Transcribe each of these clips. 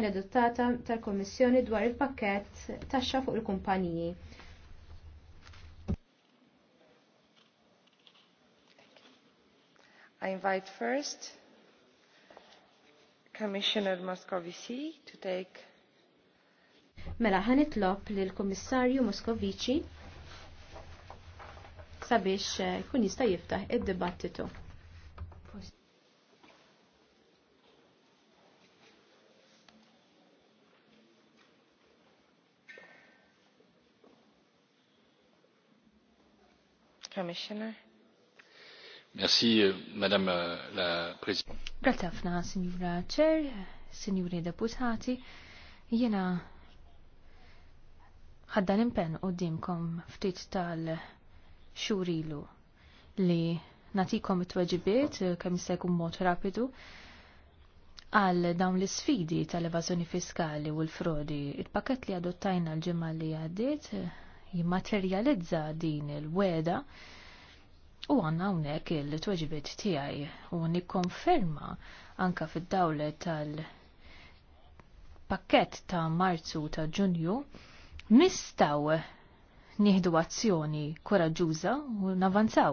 l adottata tal komissjoni dwar il-pakket taxxa fuq il-kumpaniji. I invite first Commissioner Moscovici to take Mela ħanitlob lil kummissarju Moscovici sabiex eh, kun jista' jiftaħ id-dibattitu. Commissioner. Merci, euh, Madame euh, la Présidente. Grazie ħafna, Signora Chair, Signori Deputati. Jena ħadda l-impen u dimkom ftit tal-xurilu li natikom it-tweġibiet eh, kemm se jkun mod rapidu għal dawn l-sfidi tal-evażjoni fiskali u l-frodi. Il-pakett li adottajna l-ġimgħa li għaddiet eh, jimmaterjalizza din il-weda u għanna unek il tweġbet tijaj u nikkonferma anka fid-dawle tal-pakket ta' marzu ta' ġunju nistaw nieħdu azzjoni koraġuża u navanzaw.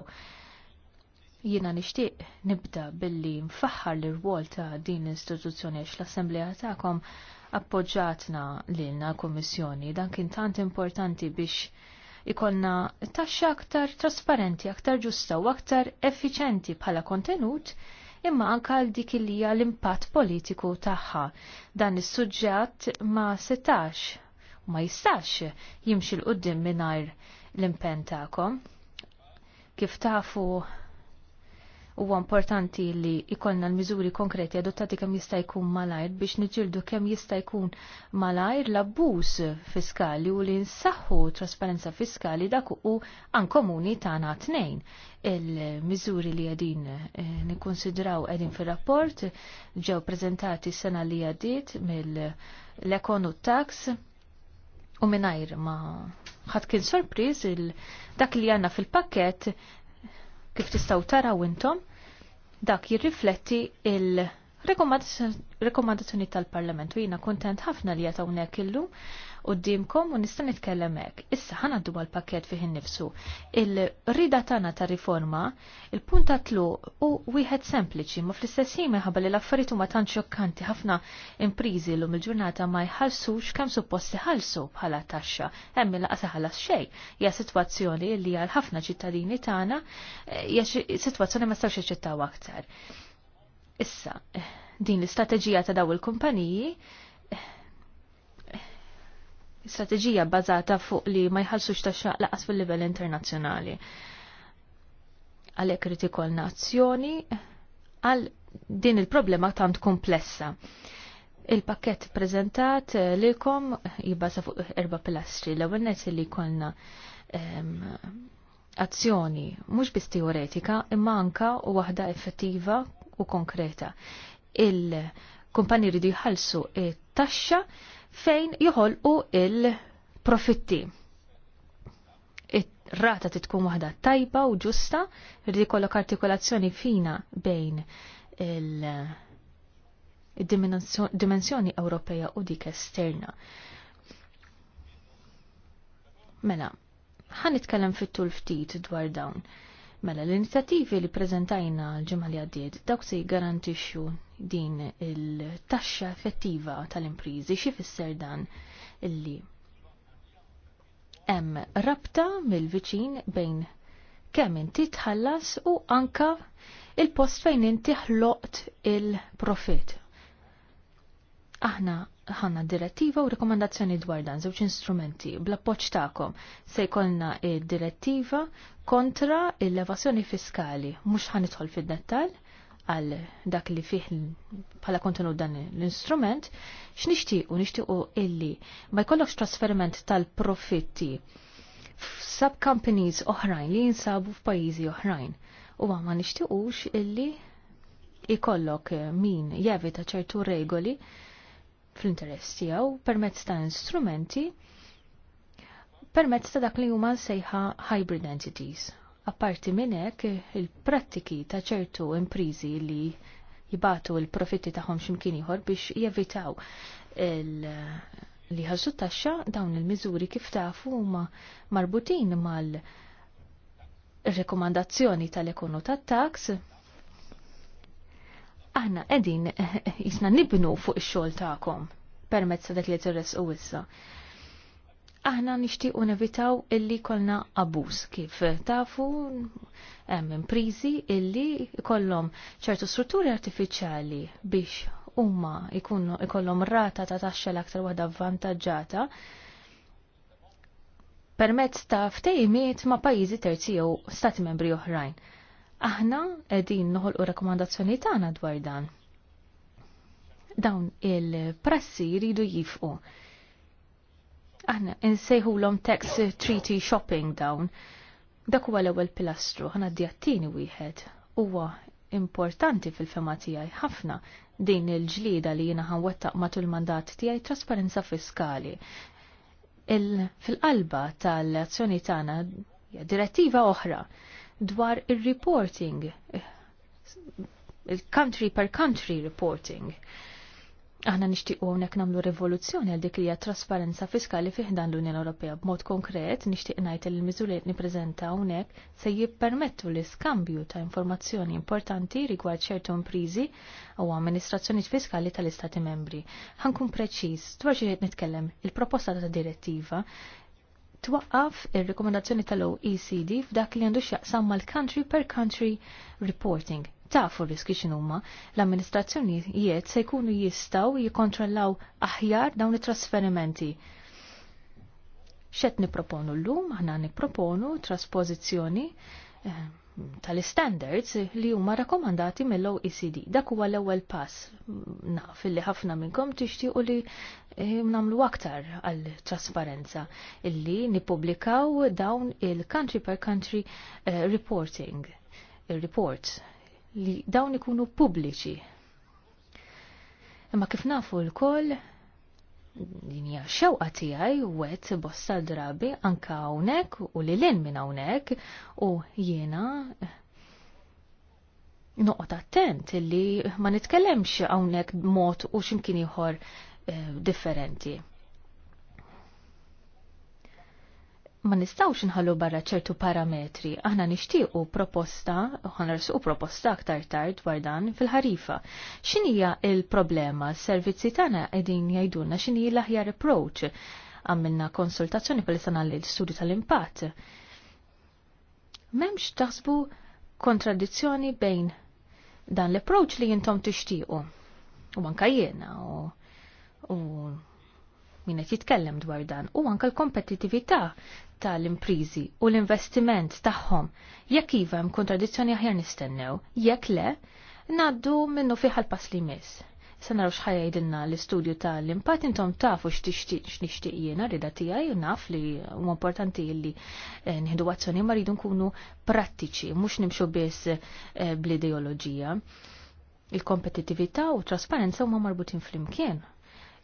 Jiena nixtieq nibda billi nfaħħar l-irwol ta' din l-istituzzjoni għax l-Assembleja tagħkom appoġġatna lilna kommissjoni dan kien tant importanti biex ikonna taxxa aktar trasparenti, aktar ġusta u aktar effiċenti bħala kontenut imma anka għal dik li hija l-impatt politiku tagħha. Dan is-suġġett ma setax u ma jistax jimxi l-qudiem mingħajr l-impen tagħkom. Kif tafu Huwa importanti li ikonna l mizuri konkreti adottati kemm jista' jkun malajr biex niġildu kemm jista' jkun malajr l-abbuż fiskali u li nsaħħu trasparenza fiskali dak u ankomuni tagħna tnejn. Il-miżuri li għedin eh, nikkonsidraw qegħdin fir-rapport ġew preżentati sena li għaddiet mill ekonu Tax u minajr ma ħat kien sorpriz il dak li għanna fil-pakket Kif tistaw taraw intom, dak jirrifletti il- Rekomandazzjoni tal-Parlament u jina kontent ħafna li jatawnek illum d-dimkom u nista' nitkellem hekk. Issa ħanaddu l pakket fih innifsu. Il-rida tagħna ta' riforma, il-punt ta' tlu u wieħed sempliċi ma fl-istess ħabba li l-affarijiet huma tant xokkanti ħafna imprizi lum il-ġurnata ma jħallsux kemm supposti ħalsu bħala taxxa. Hemm il-laqas ħalas xejn. Ja sitwazzjoni li għal ħafna ċittadini tagħna eh, hija sitwazzjoni ma stawx iċċettaw aktar. Issa, din l-istrateġija ta' daw il-kumpaniji strateġija bbażata fuq li ma jħallsux taxxa laqas fil-livell internazzjonali. Għalhekk irid ikollna għal din il-problema tant komplessa. Il-pakket prezentat eh, kom jibbasa fuq erba pilastri. L-ewwel li jkollna ehm, azzjoni mhux biss teoretika imma anka u waħda effettiva u konkreta. Il- kumpani rridu jħallsu taxxa fejn joħolqu il-profitti. Rata titkun waħda tajba u ġusta, rridi kollok artikolazzjoni fina bejn il-dimensjoni Ewropeja u dik esterna. Mela, ħan nitkellem fit-tul ftit dwar dawn. Mela l-inizjattivi li prezentajna l-ġimgħa li għaddiet dawk se jgarantixxu din il-taxxa effettiva tal-imprizi xi fisser dan illi hemm rabta mill-viċin bejn kemm inti tħallas u anka il-post fejn inti ħloqt il-profit. Aħna ħanna direttiva u rekomendazzjoni dwar dan żewġ instrumenti bl-appoġġ tagħkom se jkollna direttiva kontra l-evasjoni fiskali mhux ħanidħol fid-dettall għal dak li fih bħala kontenut dan l-instrument x'nixtiequ nixtiequ illi ma jkollokx trasferiment tal-profitti sub companies oħrajn li jinsabu f'pajjiżi oħrajn u ma nixtiequx illi ikollok min jevita ċertu regoli fl-interess tiegħu permezz ta' instrumenti permezz ta' dak li huma sejħa hybrid entities. Apparti minn hekk il-prattiki ta' ċertu imprizi li jibatu il-profitti tagħhom x'imkien ieħor biex jevitaw li ħassu taxxa dawn il-miżuri kif tafu huma marbutin mal rekomandazzjoni tal-ekonu tat-tax aħna qegħdin jisna nibnu fuq ix-xogħol tagħkom permezz dak li tirres u issa. Aħna nixtiequ nevitaw illi kolna abuż kif tafu hemm imprizi illi kollom ċertu strutturi artifiċjali biex huma jkunu rata ta' taxxa l-aktar waħda avvantaġġata permezz ta' ftejmiet ma' pajjiżi terzi jew stati membri oħrajn. Aħna qegħdin noħolqu rakkomandazzjoni tagħna dwar dan. Dawn il-prassi jridu jifqu. Aħna insejħulhom tax treaty shopping dawn. Dak huwa l-ewwel pilastru, ħana d wieħed. Huwa importanti fil-fema tiegħi ħafna din il-ġlida li jiena ħanwettaq matul mandat tiegħi trasparenza fiskali. Fil-qalba tal-azzjoni tagħna direttiva oħra dwar il-reporting, il-country per country reporting. Aħna nixtiequ hawnhekk nagħmlu rivoluzzjoni għal dik li hija trasparenza fiskali fih dan l-Unjoni Ewropea b'mod konkret nixtieq ngħid li l-miżuri li nippreżenta hawnhekk se jippermettu l-iskambju ta' informazzjoni importanti rigward ċertu imprizi u amministrazzjoni fiskali tal-Istati membri. Ħankun preċiż dwar xi nitkellem il-proposta ta' direttiva twaqqaf ir-rekomendazzjoni tal-OECD f'dak li għandu x'jaqsam mal-country per country reporting tafu riski xinumma, l-amministrazzjonijiet se jkunu jistaw jikontrollaw aħjar dawn it-trasferimenti. Xet niproponu l-lum, ħna niproponu trasposizjoni eh, tal-standards li huma rakkomandati mill-OECD. Dak huwa l-ewwel pass. Naf li ħafna minnkom tixtiequ li eh, nagħmlu aktar għal trasparenza illi nippubblikaw dawn il-country per country uh, reporting il-reports li dawn ikunu pubbliċi. Imma kif nafu l-koll dinja xewqa tiegħi wet bosta drabi anka hawnhekk u li lin minn hawnhekk u jiena eh, noqgħod attent li ma nitkellemx hawnhekk b'mod u x'imkien ieħor eh, differenti. ma nistawx nħallu barra ċertu parametri, aħna nixtiequ proposta, aħna u proposta aktar tard dwar dan fil-ħarifa. X'inhija il-problema? Servizzi tagħna qegħdin jgħidulna x'inhi l-aħjar approach għamilna konsultazzjoni pal sana l-studju tal-impatt. Memx taħsbu kontradizzjoni bejn dan l-approach li jintom tixtiequ. U manka jiena u minn qed jitkellem dwar dan u anke l-kompetittività tal-imprizi u l-investiment tagħhom. Jekk iva hemm kontradizzjoni aħjar nistennew, jekk le, ngħaddu minnu fih pass li miss. Se naraw jgħidilna l-istudju tal-impatt intom tafu x'nixtieq jiena rida tiegħi naf li huwa importanti li eh, nieħdu azzjoni ma rridu nkunu prattiċi, mhux nimxu biss eh, bl-ideoloġija. Il-kompetittività u trasparenza huma marbutin flimkien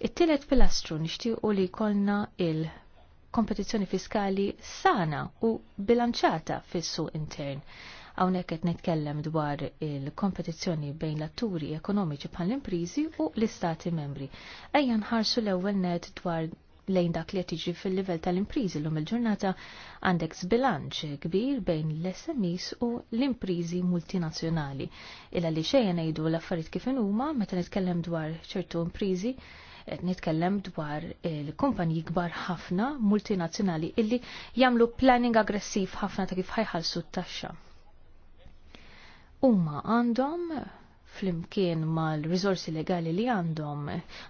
It-tielet pilastru nixtiequ li jkollna il kompetizzjoni fiskali sana u bilanċata fis-suq intern. Hawnhekk qed nitkellem dwar il-kompetizzjoni bejn l-atturi ekonomiċi bħal l-imprizi u l-istati membri. Ejja nħarsu l-ewwel net dwar lejn dak li qed jiġri fil-livell tal-imprizi lum il-ġurnata għandek zbilanċ kbir bejn l-SMEs u l-imprizi multinazzjonali. Illa li xejn ngħidu l-affarijiet kif huma meta nitkellem dwar ċertu imprizi qed nitkellem dwar il-kumpaniji eh, kbar ħafna multinazzjonali illi jagħmlu planning aggressiv ħafna ta' kif ħajħallsu t-taxxa. Huma għandhom flimkien mal-rizorsi legali li għandhom,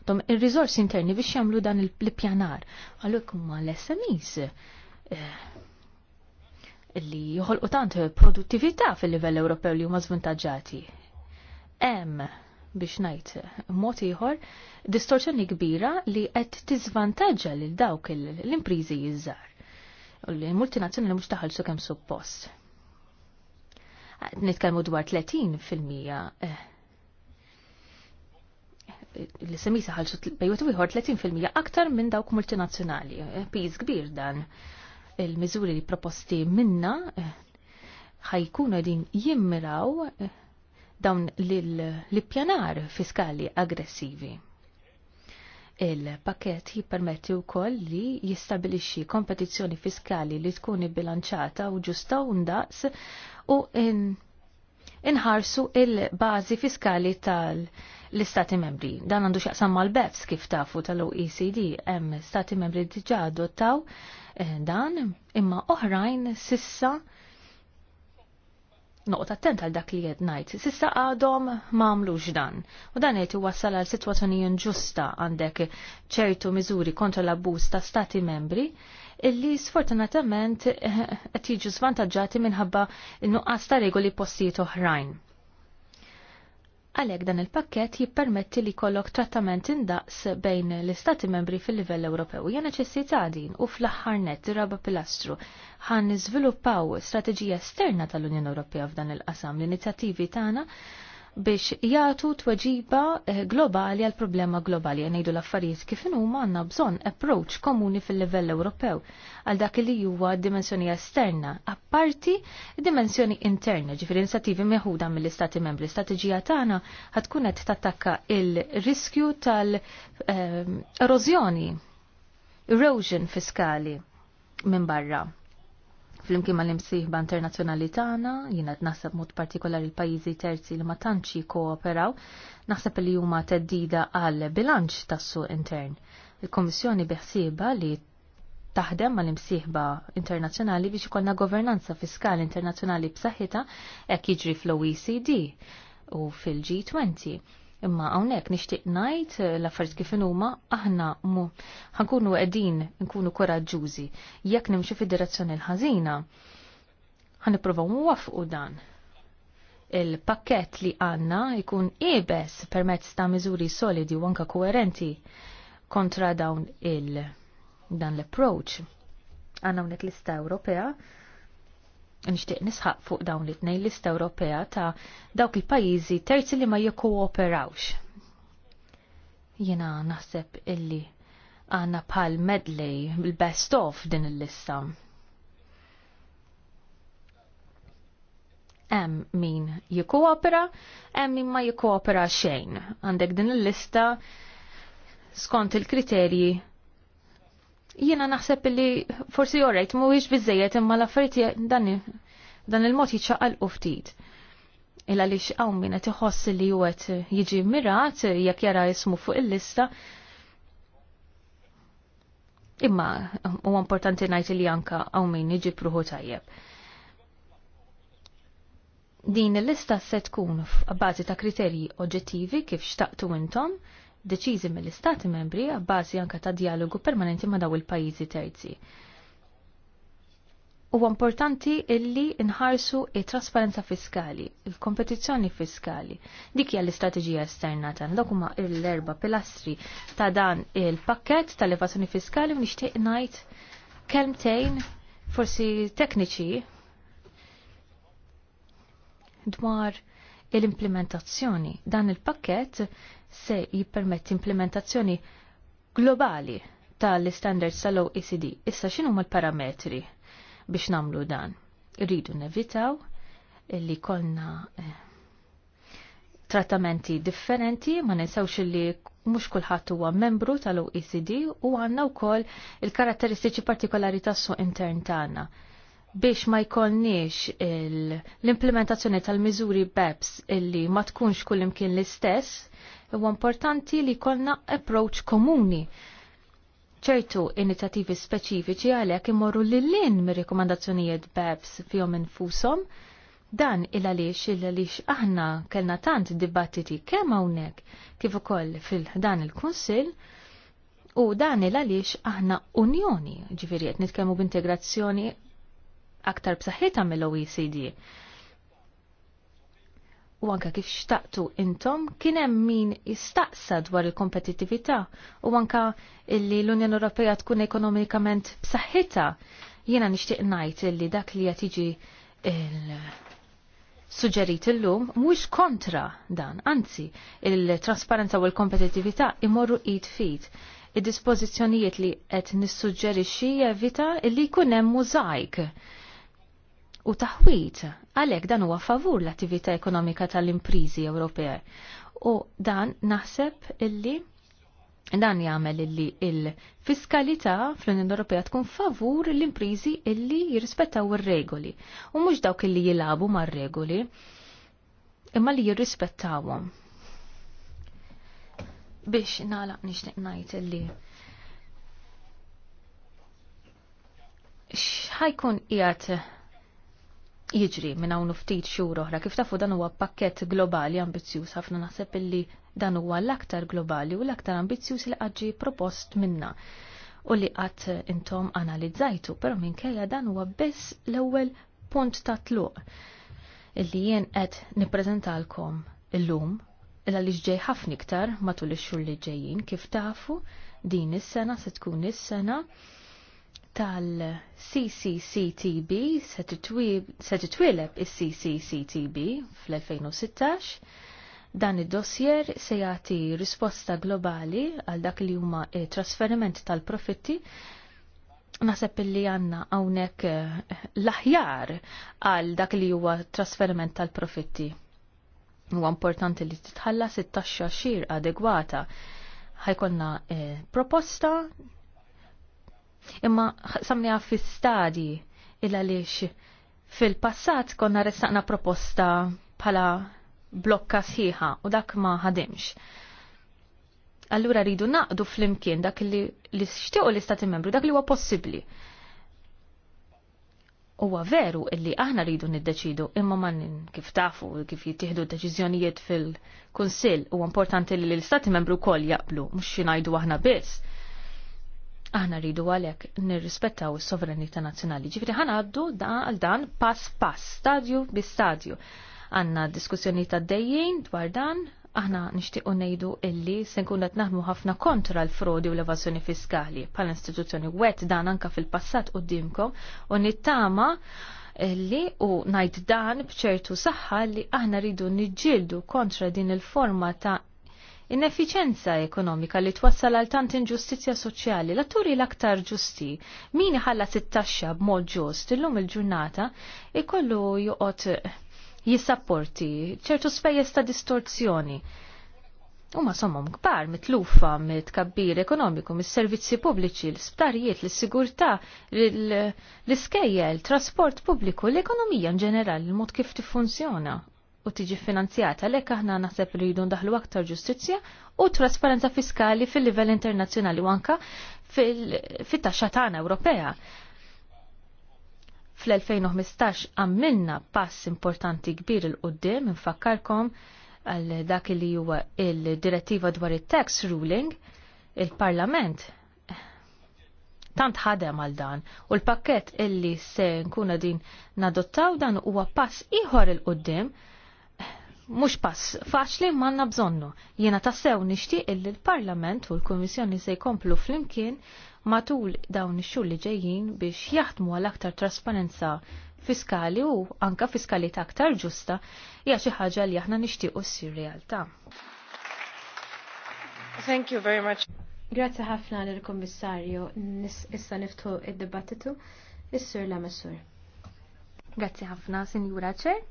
tom il-rizorsi interni biex jagħmlu dan il-pjanar. Għalhekk huma l-SMEs eh, li joħolqu tant produttività fil-livell Ewropew li huma żvantaġġati. Hemm biex ngħid mod ieħor distorsjoni kbira li qed tiżvantaġġa lil dawk l-imprizi jiżżar. U l-multinazzjonali mhux taħallsu kemm suppost. Nitkellmu dwar 30 fil-mija eh, li semi saħalsu bejwet ieħor 30% aktar minn dawk multinazzjonali. Eh, piż kbir dan il-miżuri li proposti minna eh, ħajkunu din jimmiraw dawn l-ippjanar fiskali aggressivi. Il-pakket jippermetti wkoll li jistabilixxi kompetizzjoni fiskali li tkun bilanċata u ġusta u ndaqs u in inħarsu il-bażi fiskali tal- l-istati membri. Dan għandu xaqsam mal befs kif tafu tal-OECD, hemm stati membri diġa adottaw eh, dan, imma oħrajn sissa noqot attent għal dak li jednajt. Sissa għadhom m'għamlux dan. U dan qed iwassal għal situazzjoni inġusta għandek ċertu miżuri kontra l-abbuż ta' stati membri illi sfortunatament qed jiġu svantaġġati minħabba nuqqas ta' regoli postijiet oħrajn. Għalek dan il-pakket jippermetti li kollok trattament indaqs bejn l-istati membri fil-livell Ewropew. Ja neċessità din u fl-aħħar net raba pilastru ħan niżviluppaw strateġija esterna tal-Unjoni Ewropea f'dan il-qasam l-inizjattivi tagħna biex jagħtu tweġiba eh, globali għal problema globali Għanajdu l-affarijiet kif huma għandna bżonn approach komuni fil-livell Ewropew għal dak li huwa dimensjoni esterna, apparti dimensjoni interna, ġifir inizjattivi meħuda mill-Istati Membri. L-istrateġija tagħna ħatkun qed tattakka il-riskju tal eh, erozjoni erosion fiskali minn barra flimkien mal imsieħba internazzjonali tagħna, jiena naħseb mod partikolari l-pajjiżi terzi li ma tantx jikkooperaw, naħseb li huma teddida għal bilanċ tas-suq intern. Il-Kommissjoni biħsieba li taħdem mal imsieħba internazzjonali biex ikollna governanza fiskali internazzjonali b'saħħitha hekk jiġri fl-OECD u fil-G20 Imma hawnhekk nixtieq ngħid l-affarijiet kif huma aħna mu ħankunu qegħdin nkunu koraġġużi jekk nimxu fid-direzzjoni l-ħażina. Ħanipprovaw u dan il-pakket li għanna jkun ibes permezz ta' miżuri solidi u anka koerenti kontra dawn il- dan l-approach. Għanna unek lista Ewropea nixtieq nisħaq fuq dawn li tnej lista Ewropea ta' dawk il-pajjiżi terzi li ma jikkooperawx. Jiena naħseb illi għanna bħal medley, il-best of din il-lista. Hemm min jikkoopera, hemm min ma jikkoopera xejn. Għandek din il-lista skont il-kriterji Jiena naħseb li forsi jorrejt mhuwiex bizzejet imma l-affarijiet dan dan il-mod jiċċaqalqu ftit. Illa li xqaw minna tiħoss li juwet jiġi mirat jekk jara jismu fuq il-lista. Imma u importanti najt li janka għaw min jiġi pruħu tajjeb. Din il-lista se tkun f'bażi ta' kriterji oġġettivi kif xtaqtu intom deċiżi mill-Istati membri għabbażi anka ta' dialogu permanenti ma' daw il-pajjiżi terzi. Huwa importanti illi nħarsu il trasparenza fiskali, il-kompetizzjoni fiskali. Dik hija l-istrateġija esterna tan dak huma l-erba' pilastri ta' dan il-pakkett tal-evasjoni fiskali u nixtieq ngħid kelmtejn forsi tekniċi dwar l-implementazzjoni. Dan il-pakket se jippermetti implementazzjoni globali tal-standards tal-OECD. Issa ma l-parametri biex namlu dan? Irridu nevitaw li konna eh, trattamenti differenti, ma ninsawx li mhux kulħadd huwa membru tal-OECD u għandna wkoll il-karatteristiċi partikolari tas-suq intern tagħna biex ma jkollniex l-implementazzjoni tal-miżuri BEPS illi ma tkunx kullimkien l-istess, huwa importanti li kollna approach komuni ċertu inizjattivi speċifiċi għalhekk imorru lil-lin mir-rikomandazzjonijiet BEPS fihom infushom Dan il għaliex il għaliex aħna kellna tant dibattiti kemm hawnhekk kif ukoll fil-dan il-Kunsill u dan il għaliex aħna unjoni, ġifieri qed nitkellmu b'integrazzjoni aktar b'saħħitha mill-OECD u anka kif xtaqtu intom kien hemm min jistaqsa dwar il-kompetittività u anka illi l-Unjoni Ewropea tkun ekonomikament b'saħħitha jiena nixtieq ngħid illi dak li qed jiġi il suġġerit illum mhuwiex kontra dan, anzi il-trasparenza u l-kompetittività imorru id fit. Id-dispożizzjonijiet li qed nissuġġerixxi jevita illi jkun hemm mużajk u taħwit għalhekk dan huwa favur l-attività ekonomika tal-imprizi Ewropea. U dan naħseb illi dan jagħmel illi il-fiskalità fl-Unjoni Ewropea tkun favur l-imprizi illi jirrispettaw ir-regoli u mhux dawk illi jilagħbu mar-regoli imma li jirrispettawhom. Biex nagħlaq nixtieq ngħid illi x'ħajkun qiegħed jiġri minn hawn ftit xhur oħra kif tafu dan huwa pakkett globali ambizzjuż ħafna naħseb illi dan huwa l-aktar globali u l-aktar ambizzjuż li qaġġi propost minna u li qatt intom analizzajtu, però minkejja dan huwa biss l-ewwel punt ta' tluq illi jien qed nippreżentalkom illum illa li ġej ħafna iktar matul ix-xhur li ġejjin kif tafu din is-sena se tkun is-sena is sena se tkun is sena tal-CCCTB se titwieleb is-CCCTB fl-2016. Dan id-dossier se jagħti risposta globali għal dak li huma trasferiment tal-profitti Naseb li għanna għawnek eh, l-aħjar għal dak li huwa trasferiment tal-profitti. Huwa importanti li titħallas it-taxxa xir adegwata. Ħajkonna eh, proposta imma samniha fi stadji illa għaliex fil-passat konna restaqna proposta bħala blokka sħiħa u dak ma ħadimx. Allura rridu naqdu fl-imkien dak li l u l-istati membru, dak li huwa possibli. Huwa veru illi aħna rridu niddeċidu imma ma kif tafu kif jittieħdu deċiżjonijiet fil-Kunsill huwa importanti li l-istati membru kol jaqblu mhux xi ngħidu aħna biss Aħna rridu għalhekk nirrispettaw is-sovranità nazzjonali. ħana għaddu għal dan pass pass, stadju bi stadju. Għanna diskussjoni ta' dejjien dwar dan, aħna nixtiequ ngħidu illi se nkun qed naħdmu ħafna kontra l-frodi u l-evażjoni fiskali bħala istituzzjoni wet dan anka fil-passat qudiemkom u nittama illi u najt dan bċertu saħħa li aħna ridu nġildu kontra din il-forma ta' Ineffiċenza ekonomika li twassal għal tant inġustizja soċjali l-atturi l-aktar ġusti min ħalla sit-taxxa b'mod ġust illum il-ġurnata ikollu joqgħod jisapporti ċertu spejjeż ta' distorzjoni. Huma sommom kbar mitlufa mit-kabbir ekonomiku, mis-servizzi pubbliċi, l isptarijiet l-sigurtà, l-iskejjel, trasport pubbliku, l-ekonomija in ġenerali, l-mod kif tiffunzjona u tiġi finanzjata lek aħna naħseb li jridu ndaħlu aktar ġustizzja u trasparenza fiskali fil-livell internazzjonali u anka fit-taxxa tagħna Ewropea. Fl-2015 għamilna pass importanti kbir il-qoddim, infakkarkom għal dak li huwa il-direttiva dwar it-tax ruling, il-Parlament tant ħadem għal dan u l-pakket illi se nkuna din nadottaw dan huwa pass ieħor il-qoddim il qoddim mux pass faċli manna bżonnu. Jena tassew nishti illi l-Parlament u l-Komissjoni se jkomplu flimkien matul dawn ix-xhur li ġejjin biex jaħdmu għal aktar trasparenza fiskali u anka fiskalità aktar ġusta hija xi ħaġa li aħna nixtiequ ssir realtà. Thank you very much. Grazzi ħafna lill kummissarju Issa niftu id-dibattitu. Is-sur la Grazzi ħafna, Sinjura Ċer.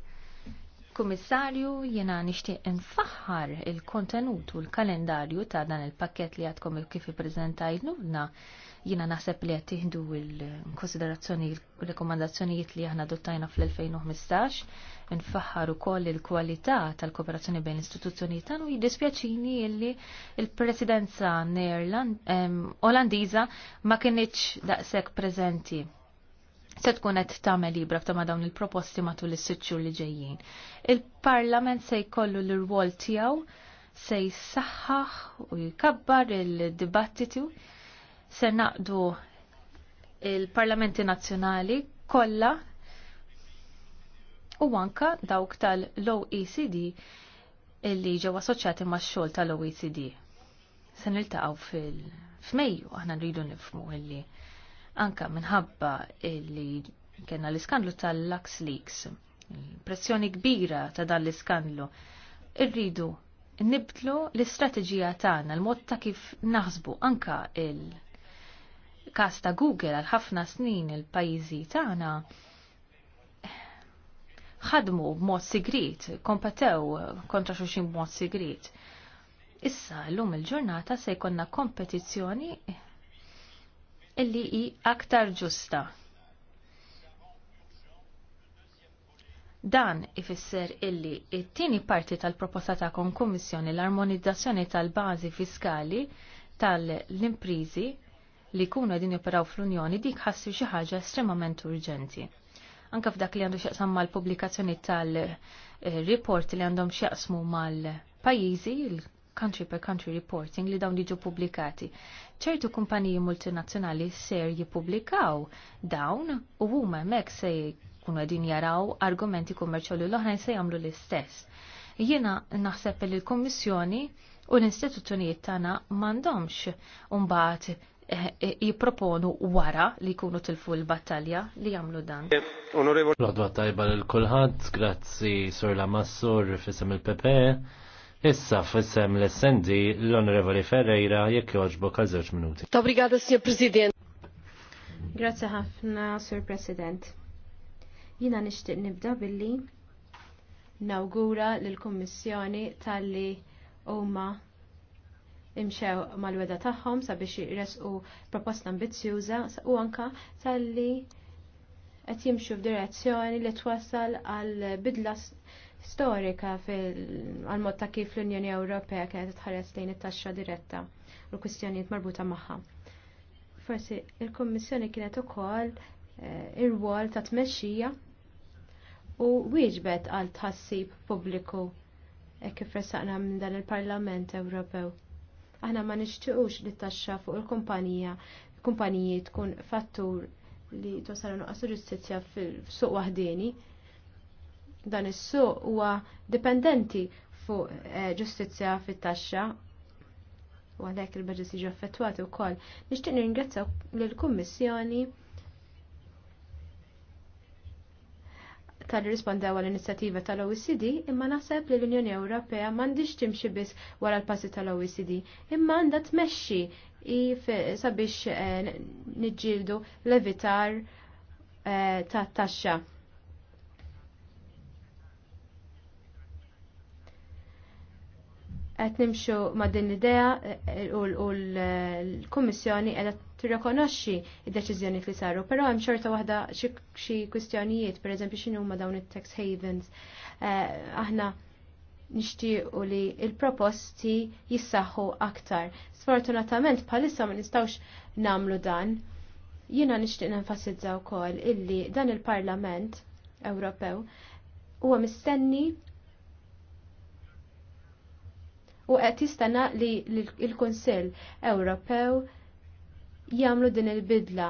Kummissarju, jena nishtiq nfaħħar il-kontenut u l-kalendarju ta' dan il-pakket li għadkom kif prezentajnuna. Jena naħseb li għattiħdu il-konsiderazzjoni, il-rekomandazzjonijiet li aħna dottajna fl-2015. Nfaħħar ukoll koll il-kualità tal-kooperazzjoni bejn istituzzjoni tan u jidispjaċini illi il-presidenza Olandiża ma kienieċ daqshekk prezenti se tkun qed tagħmel libra f'tama dawn il-proposti matul is xhur li ġejjin. Il-Parlament se jkollu l-rwol tiegħu se jsaħħaħ u jkabbar il-dibattitu se naqdu il-Parlamenti Nazzjonali kollha u anka dawk tal-OECD illi ġew assoċjati max-xogħol tal-OECD. Se niltaqgħu fil-Fmejju aħna nridu nifhmu illi anka minħabba li kena l-iskandlu tal-Lux Leaks. Pressjoni kbira ta' dan l-iskandlu. Irridu nibtlu l-istrateġija tagħna l-mod ta' kif naħsbu anka il kas ta' Google għal ħafna snin il-pajjiżi tagħna ħadmu b'mod sigrit, kompetew kontra xuxin b'mod sigrit. Issa l-lum il-ġurnata se jkonna kompetizzjoni illi hi aktar ġusta. Dan ifisser illi it-tieni parti tal-proposta ta' konkummissjoni l-armonizzazzjoni tal-bażi fiskali tal-imprizi li kunu għedin joperaw fl-Unjoni dik ħassu xi ħaġa estremament urġenti. Anka f'dak li għandu xaqsam mal-publikazzjoni tal-report eh, li għandhom xaqsmu mal-pajizi, country per country reporting li dawn jiġu publikati. ċertu kumpaniji multinazzjonali ser jippubblikaw dawn u huma hemmhekk se jkunu għedin jaraw argumenti kummerċjali l-oħrajn se jagħmlu l-istess. Jiena naħseb li l-Kummissjoni u l-istituzzjonijiet tagħna m'għandhomx mbagħad eh, eh, jipproponu wara li jkunu tilfu l-battalja li jamlu dan. Onorevoli. Rodwa tajba l-kulħadd, grazzi Sorla Massur, fisem il-PP. E. Issa fissem l-essendi l-Onorevoli Ferreira jekk joġbu għal żewġ minuti. brigada, Sir President. Grazie ħafna, Sir President. Jina nixtieq nibda billi nawgura lill-Kummissjoni talli huma imxew mal-weda tagħhom sabiex jresqu proposta ambizzjuża u anka talli qed jimxu f'direzzjoni li twassal għal bidla storika għal-mod ta' kif l-Unjoni Ewropea kienet tħares lejn it-taxxa diretta u l-kwistjonijiet marbuta magħha. Forsi il-Kummissjoni kienet ukoll eh, ir-rwol ta' tmexxija u wieġbet għal tħassib pubbliku hekk kif ressaqna minn dan il-Parlament Ewropew. Aħna ma nixtiequx li taxxa fuq il-kumpanija, kumpaniji tkun fattur li tosal nuqqas ġustizzja fil-suq waħdini dan is-suq huwa dipendenti fuq eh, ġustizzja fit-taxxa u għalhekk il-budget jiġu affettwati wkoll. Nixtieq nirringrazzjaw lill-Kummissjoni tal-rispondew għal inizjattiva tal-OECD imma naħseb li l-Unjoni Ewropea m'għandix timxi biss wara l-passi tal-OECD imma għandha tmexxi sabiex eh, niġġieldu levitar eh, ta' taxxa. qed nimxu ma' din l-idea eh, u l-Kummissjoni qiegħda tirrekonoxxi id-deċiżjoni li saru, però hemm xorta waħda xi kwistjonijiet, pereżempju x'inhu huma dawn it-tax havens. Eh, aħna nixtiequ li il-proposti jissaħħu aktar. Sfortunatament bħalissa ma nistgħux nagħmlu dan. Jiena nixtieq u wkoll illi dan il-Parlament Ewropew huwa mistenni u qed jistana li l-Kunsill Ewropew jagħmlu din il-bidla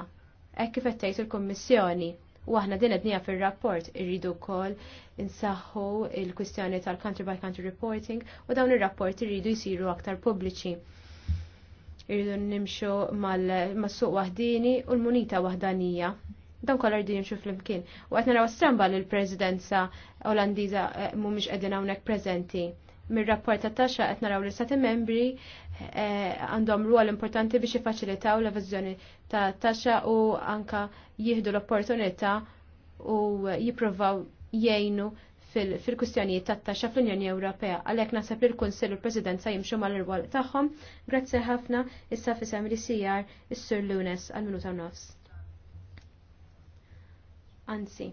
hekk kif qed tgħid il-Kummissjoni. U aħna din qed fir-rapport irridu wkoll insaħħu il-kwistjoni tal-country by country reporting u dawn ir rapport irridu jsiru aktar pubbliċi. Irridu nimxu mas-suq waħdini u l-munita waħdanija dan kollha rridu jimxu flimkien. U qed naraw stramba l-Presidenza Olandiża eh, mhumiex qegħdin hawnhekk preżenti mir-rapport ta' taxxa qed naraw li sati membri eh, għandhom rwol importanti biex jiffaċilitaw l vizjoni ta' taxxa u anka jieħdu l-opportunità u jiprovaw jgħinu fil-kustjonijiet tat taxxa fl-Unjoni Ewropea. Għalhekk naħseb li l-Kunsill u l-Presidenza jimxu mal-irwol tagħhom. Grazzi ħafna issa fisem li sijar is-Sur Lunes għal minuta nofs. Anzi.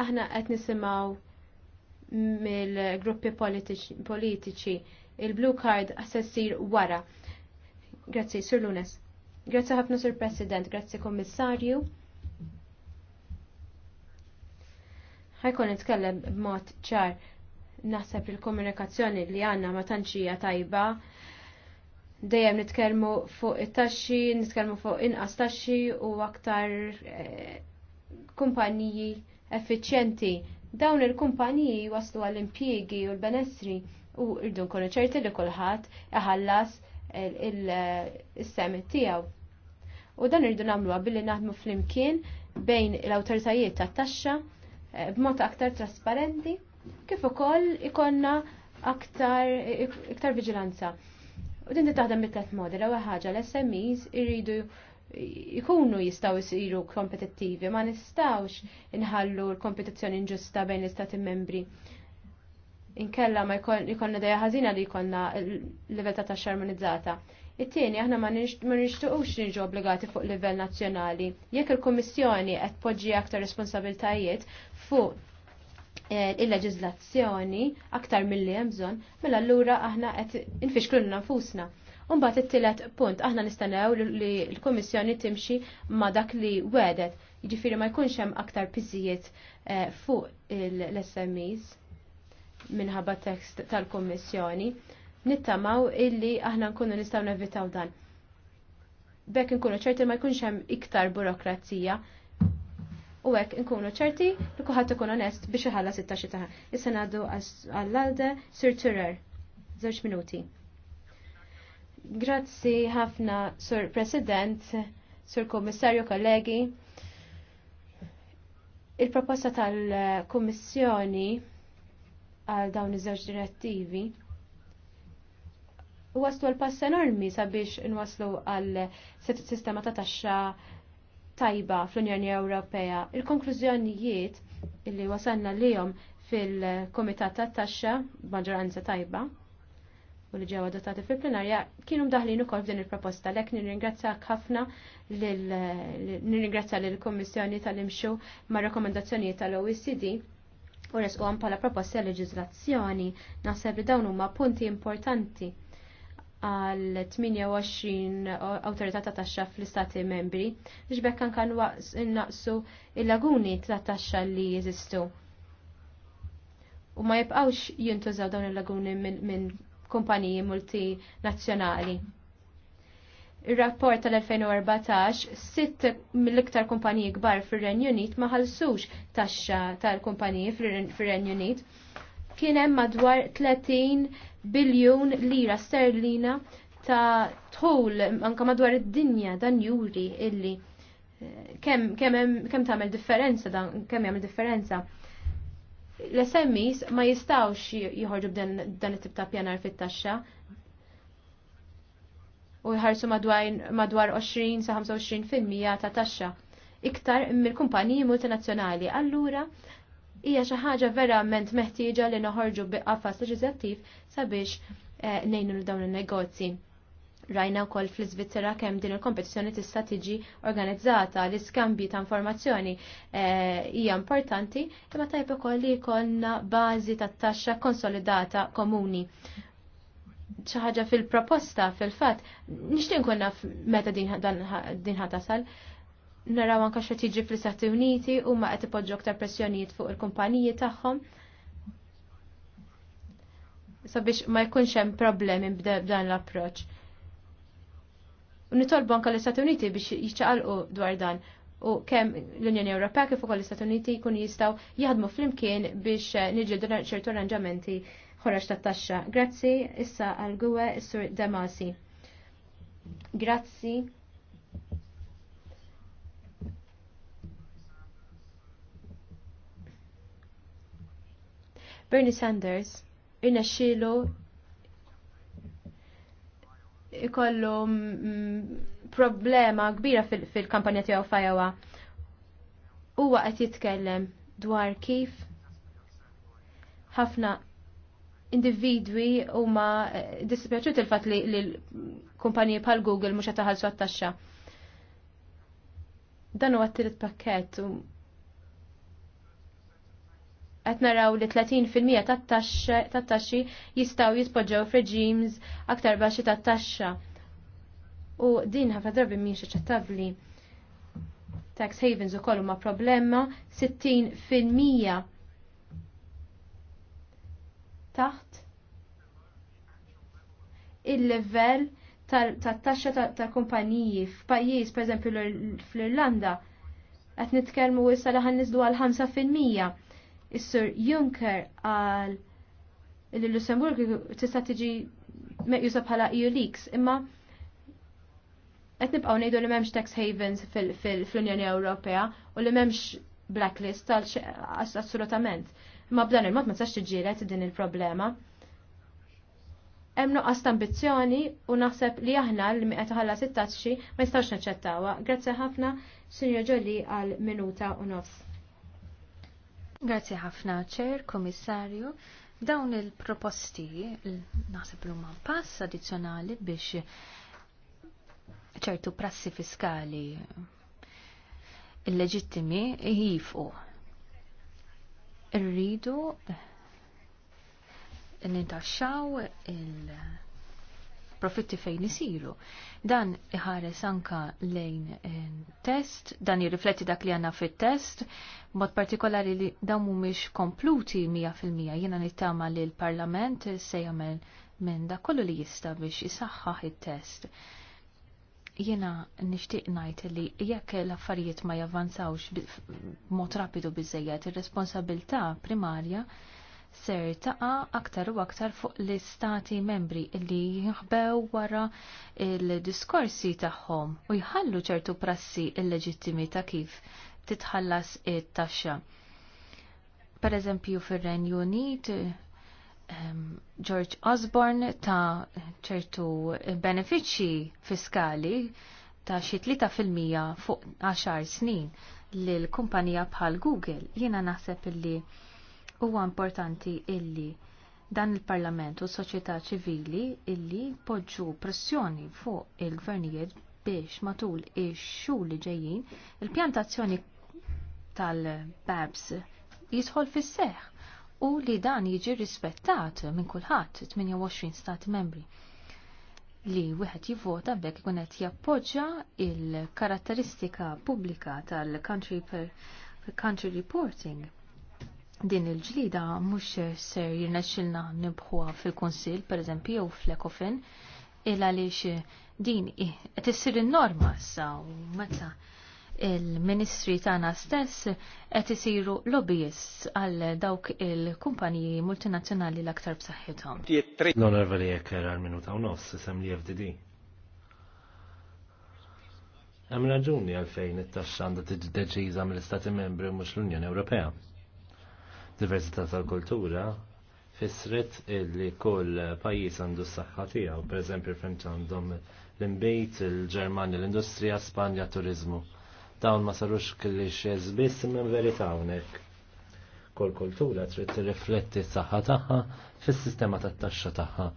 Aħna qed nisimgħu mill-gruppi politiċi il-blue card assessir wara. Grazzi, Sir Lunes. Grazzi ħafna Sir President, grazzi Kommissarju. Ħajkun nitkellem b'mod ċar naħseb il-komunikazzjoni li għanna ma tantxija tajba. Dejjem nitkellmu fuq it-taxxi, nitkellmu fuq inqas taxxi u aktar eh, kumpaniji effiċjenti. Dawn il-kumpaniji waslu għall-impjiegi u l-benessri u rridu nkunu ċerti li kulħadd iħallas il-semit tiegħu. U dan irridu nagħmluha billi naħdmu flimkien bejn l-awtoritajiet tat-taxxa eh, b'mod aktar trasparenti kif ukoll ikonna aktar iktar viġilanza. U din taħdem mit modi l ewwel ħaġa l-SMEs irridu ikunu jistaw jisiru kompetittivi, ma nistawx inħallu l-kompetizzjoni inġusta bejn l-istati membri. Inkella ma jkollna dejja ħażina li jkollna l-livell ta' taxxa armonizzata. It-tieni aħna ma nixtuqux niġu obbligati fuq livell nazzjonali. Jekk il-Kummissjoni qed poġġi aktar responsabiltajiet fuq eh, il-leġizlazzjoni aktar mill-li hemm bżonn, mela allura aħna qed infixklu nfusna Umbat it-tielet punt, aħna nistennew li l-Kummissjoni timxi ma dak li wedet, jiġifieri ma jkunx hemm aktar piżijiet eh, fuq l-SMEs minħabba tekst tal-Kummissjoni. Nittamaw illi aħna nkunu nistgħu nevitaw dan. Bekk nkunu ċerti ma jkunx hemm iktar burokrazija u hekk nkunu ċerti li kuħat ikun onest biex iħallas it taxi taħ. Issa ngħaddu għall-għalde Sir Turer. Żewġ minuti. Grazzi ħafna, Sur President, Sur Kommissarju, kollegi. Il-proposta tal-Kommissjoni għal dawn iż-żewġ direttivi waslu għal pass enormi sabiex nwaslu għal sistema ta' taxxa tajba fl-Unjoni Ewropea. Il-konklużjonijiet illi wasalna lihom fil-Komitat ta' Taxxa maġġoranza tajba u li ġew adottati fil-plenarja kienu mdaħlinu ukoll f'din il-proposta lek nirringrazzjak ħafna nirringrazzja l kummissjoni tal-imxu ma' rakkomandazzjonijiet tal-OECD u resqu għan pala proposta leġizlazzjoni naħseb li dawn huma punti importanti għal 28 autorità ta' taxxa fl-istati membri biex kan kan naqsu il-laguni ta' taxxa li jeżistu. U ma jibqawx jintużaw dawn il-laguni minn kumpaniji multinazzjonali. Ir-rapport tal-2014 sitt mill-iktar kumpaniji kbar fir-Renju Unit ma ħalsux taxxa tal-kumpaniji fir-Renju Unit. Kien hemm madwar 30 biljun lira sterlina ta' tħul anka madwar id-dinja dan juri illi eh, kemm kemm kemm tagħmel differenza dan kemm jagħmel differenza l-SMEs ma jistawx jħorġu b'dan it-tip ta' pjanar fit-taxxa u jħarsu madwar 20 sa 25% ta' taxxa iktar mill-kumpaniji multinazzjonali. Allura, hija xi ħaġa verament meħtieġa li noħorġu bi qafas leġislattiv sabiex eh, nejnu l dawn in-negozji. Rajna wkoll fl-Iżvizzera kemm din il-kompetizzjoni tista' tiġi organizzata l-iskambji ta' informazzjoni eh, hija importanti imma tajb ukoll li jkollna bażi tat-taxxa konsolidata komuni ċaħġa fil-proposta, fil-fat, nishtin nkunna meta din ħatasal. Naraw anka xa tiġi fl-Istati Uniti u ma qed ipoġġu aktar pressjonijiet fuq il-kumpaniji tagħhom. Sabiex ma jkunx hemm problemi b'dan l-approċċ. U nitolbu anka l-Istati Uniti biex jiċċaqalqu dwar dan u kemm l-Unjoni Ewropea kif ukoll l-Istati Uniti jkun jistgħu jaħdmu flimkien biex eh, niġġieldu ċertu arranġamenti ħoraġ tat-taxxa. Grazzi issa għal gwe sur Demasi. Grazzi. Bernie Sanders irnexxielu ikollhom mm, problema kbira fil-kampanja tiegħu fajwa. Huwa qed jitkellem dwar kif ħafna individwi huma eh, dispjaċut il-fatt li l-kumpaniji bħal Google mhux qed taħallsu għat-taxxa. Dan huwa t-tielet pakkett qed naraw li 30% tat-taxxi jistgħu jispoġġew f'reġims aktar baxxi tat-taxxa. U din ħafna drabi mhix aċċettabbli. Tax havens ukoll huma problema 60% taħt il-level tat-taxxa tal-kumpaniji f'pajjiż pereżempju fl-Irlanda qed nitkellmu issa li ħan għal 5 Is-Sir Juncker għal il-Lussemburg tista' tiġi meqjusa bħala EU leaks, imma qed nibqgħu ngħidu li m'hemmx tax havens fl-Unjoni Ewropea u li m'hemmx blacklist assolutament. Imma b'dan il-mod ma tistax tiġielet din il-problema. Hemm nuqqas ambizzjoni u naħseb li aħna li qed it-taxxi ma jistgħux naċċettawha. Grazzi ħafna, Sinjor Ġolli għal minuta u nofs. Grazie ħafna, ċer, komissarju. Dawn il-proposti, naħseb l-umma pass addizjonali biex ċertu prassi fiskali illeġittimi leġittimi jifqu. Irridu nintaxxaw il- profitti fejn isiru. Dan iħares anka lejn eh, test, dan jirrifletti dak li għanna fit test mod partikolari li dawn mhumiex kompluti 100% jiena nittama li l-Parlament se jagħmel minn dak kollu li jista' biex jisaxħaħ it-test. Jiena nixtieq ngħid li jekk l-affarijiet ma javvanzawx b'mod rapidu biżejjed ir-responsabilità primarja ser taqa aktar u aktar fuq l-istati membri li jħbew wara il-diskorsi tagħhom u jħallu ċertu prassi illeġittimi ta' kif titħallas it-taxxa. Per eżempju fir-Renju Unit ehm, George Osborne ta' ċertu benefiċċji fiskali ta' xi 3% fuq 10 snin lil kumpanija bħal Google. Jiena naħseb illi li Huwa importanti illi dan il-Parlament u s-soċjetà ċivili illi poġġu pressjoni fuq il-gvernijiet biex matul ix-xhur li ġejjin il-pjantazzjoni tal-babs jidħol fis-seħħ u li dan jiġi rispettat minn kulħadd 28 Stati membri li wieħed jivvota bekk ikun qed jappoġġja il-karatteristika pubblika tal-country per country reporting din il-ġlida mhux ser jirnexxilna nibħuha fil-Kunsill, pereżempju, jew fl-Ekofin, il għaliex din qed issir in-norma sa u meta il-Ministri tagħna stess qed isiru lobbyists għal dawk il-kumpaniji multinazzjonali l-aktar b'saħħithom. L-onorva li jekk għal minuta u nofs isem li FDD. Hemm raġuni għalfejn it-taxxa għandha tiġi deċiża mill-Istati Membri u mhux l-Unjoni Ewropea diversità tal-kultura fissret li kull pajjiż għandu s-saħħa tiegħu, pereżempju fremt għandhom l-imbejt, il-Ġermanja, l-industrija, Spanja, turizmu. Dawn ma sarux kelli xeż biss minn verità hawnhekk. Kull kultura trid tirrifletti s-saħħa tagħha fis-sistema tat-taxxa tagħha.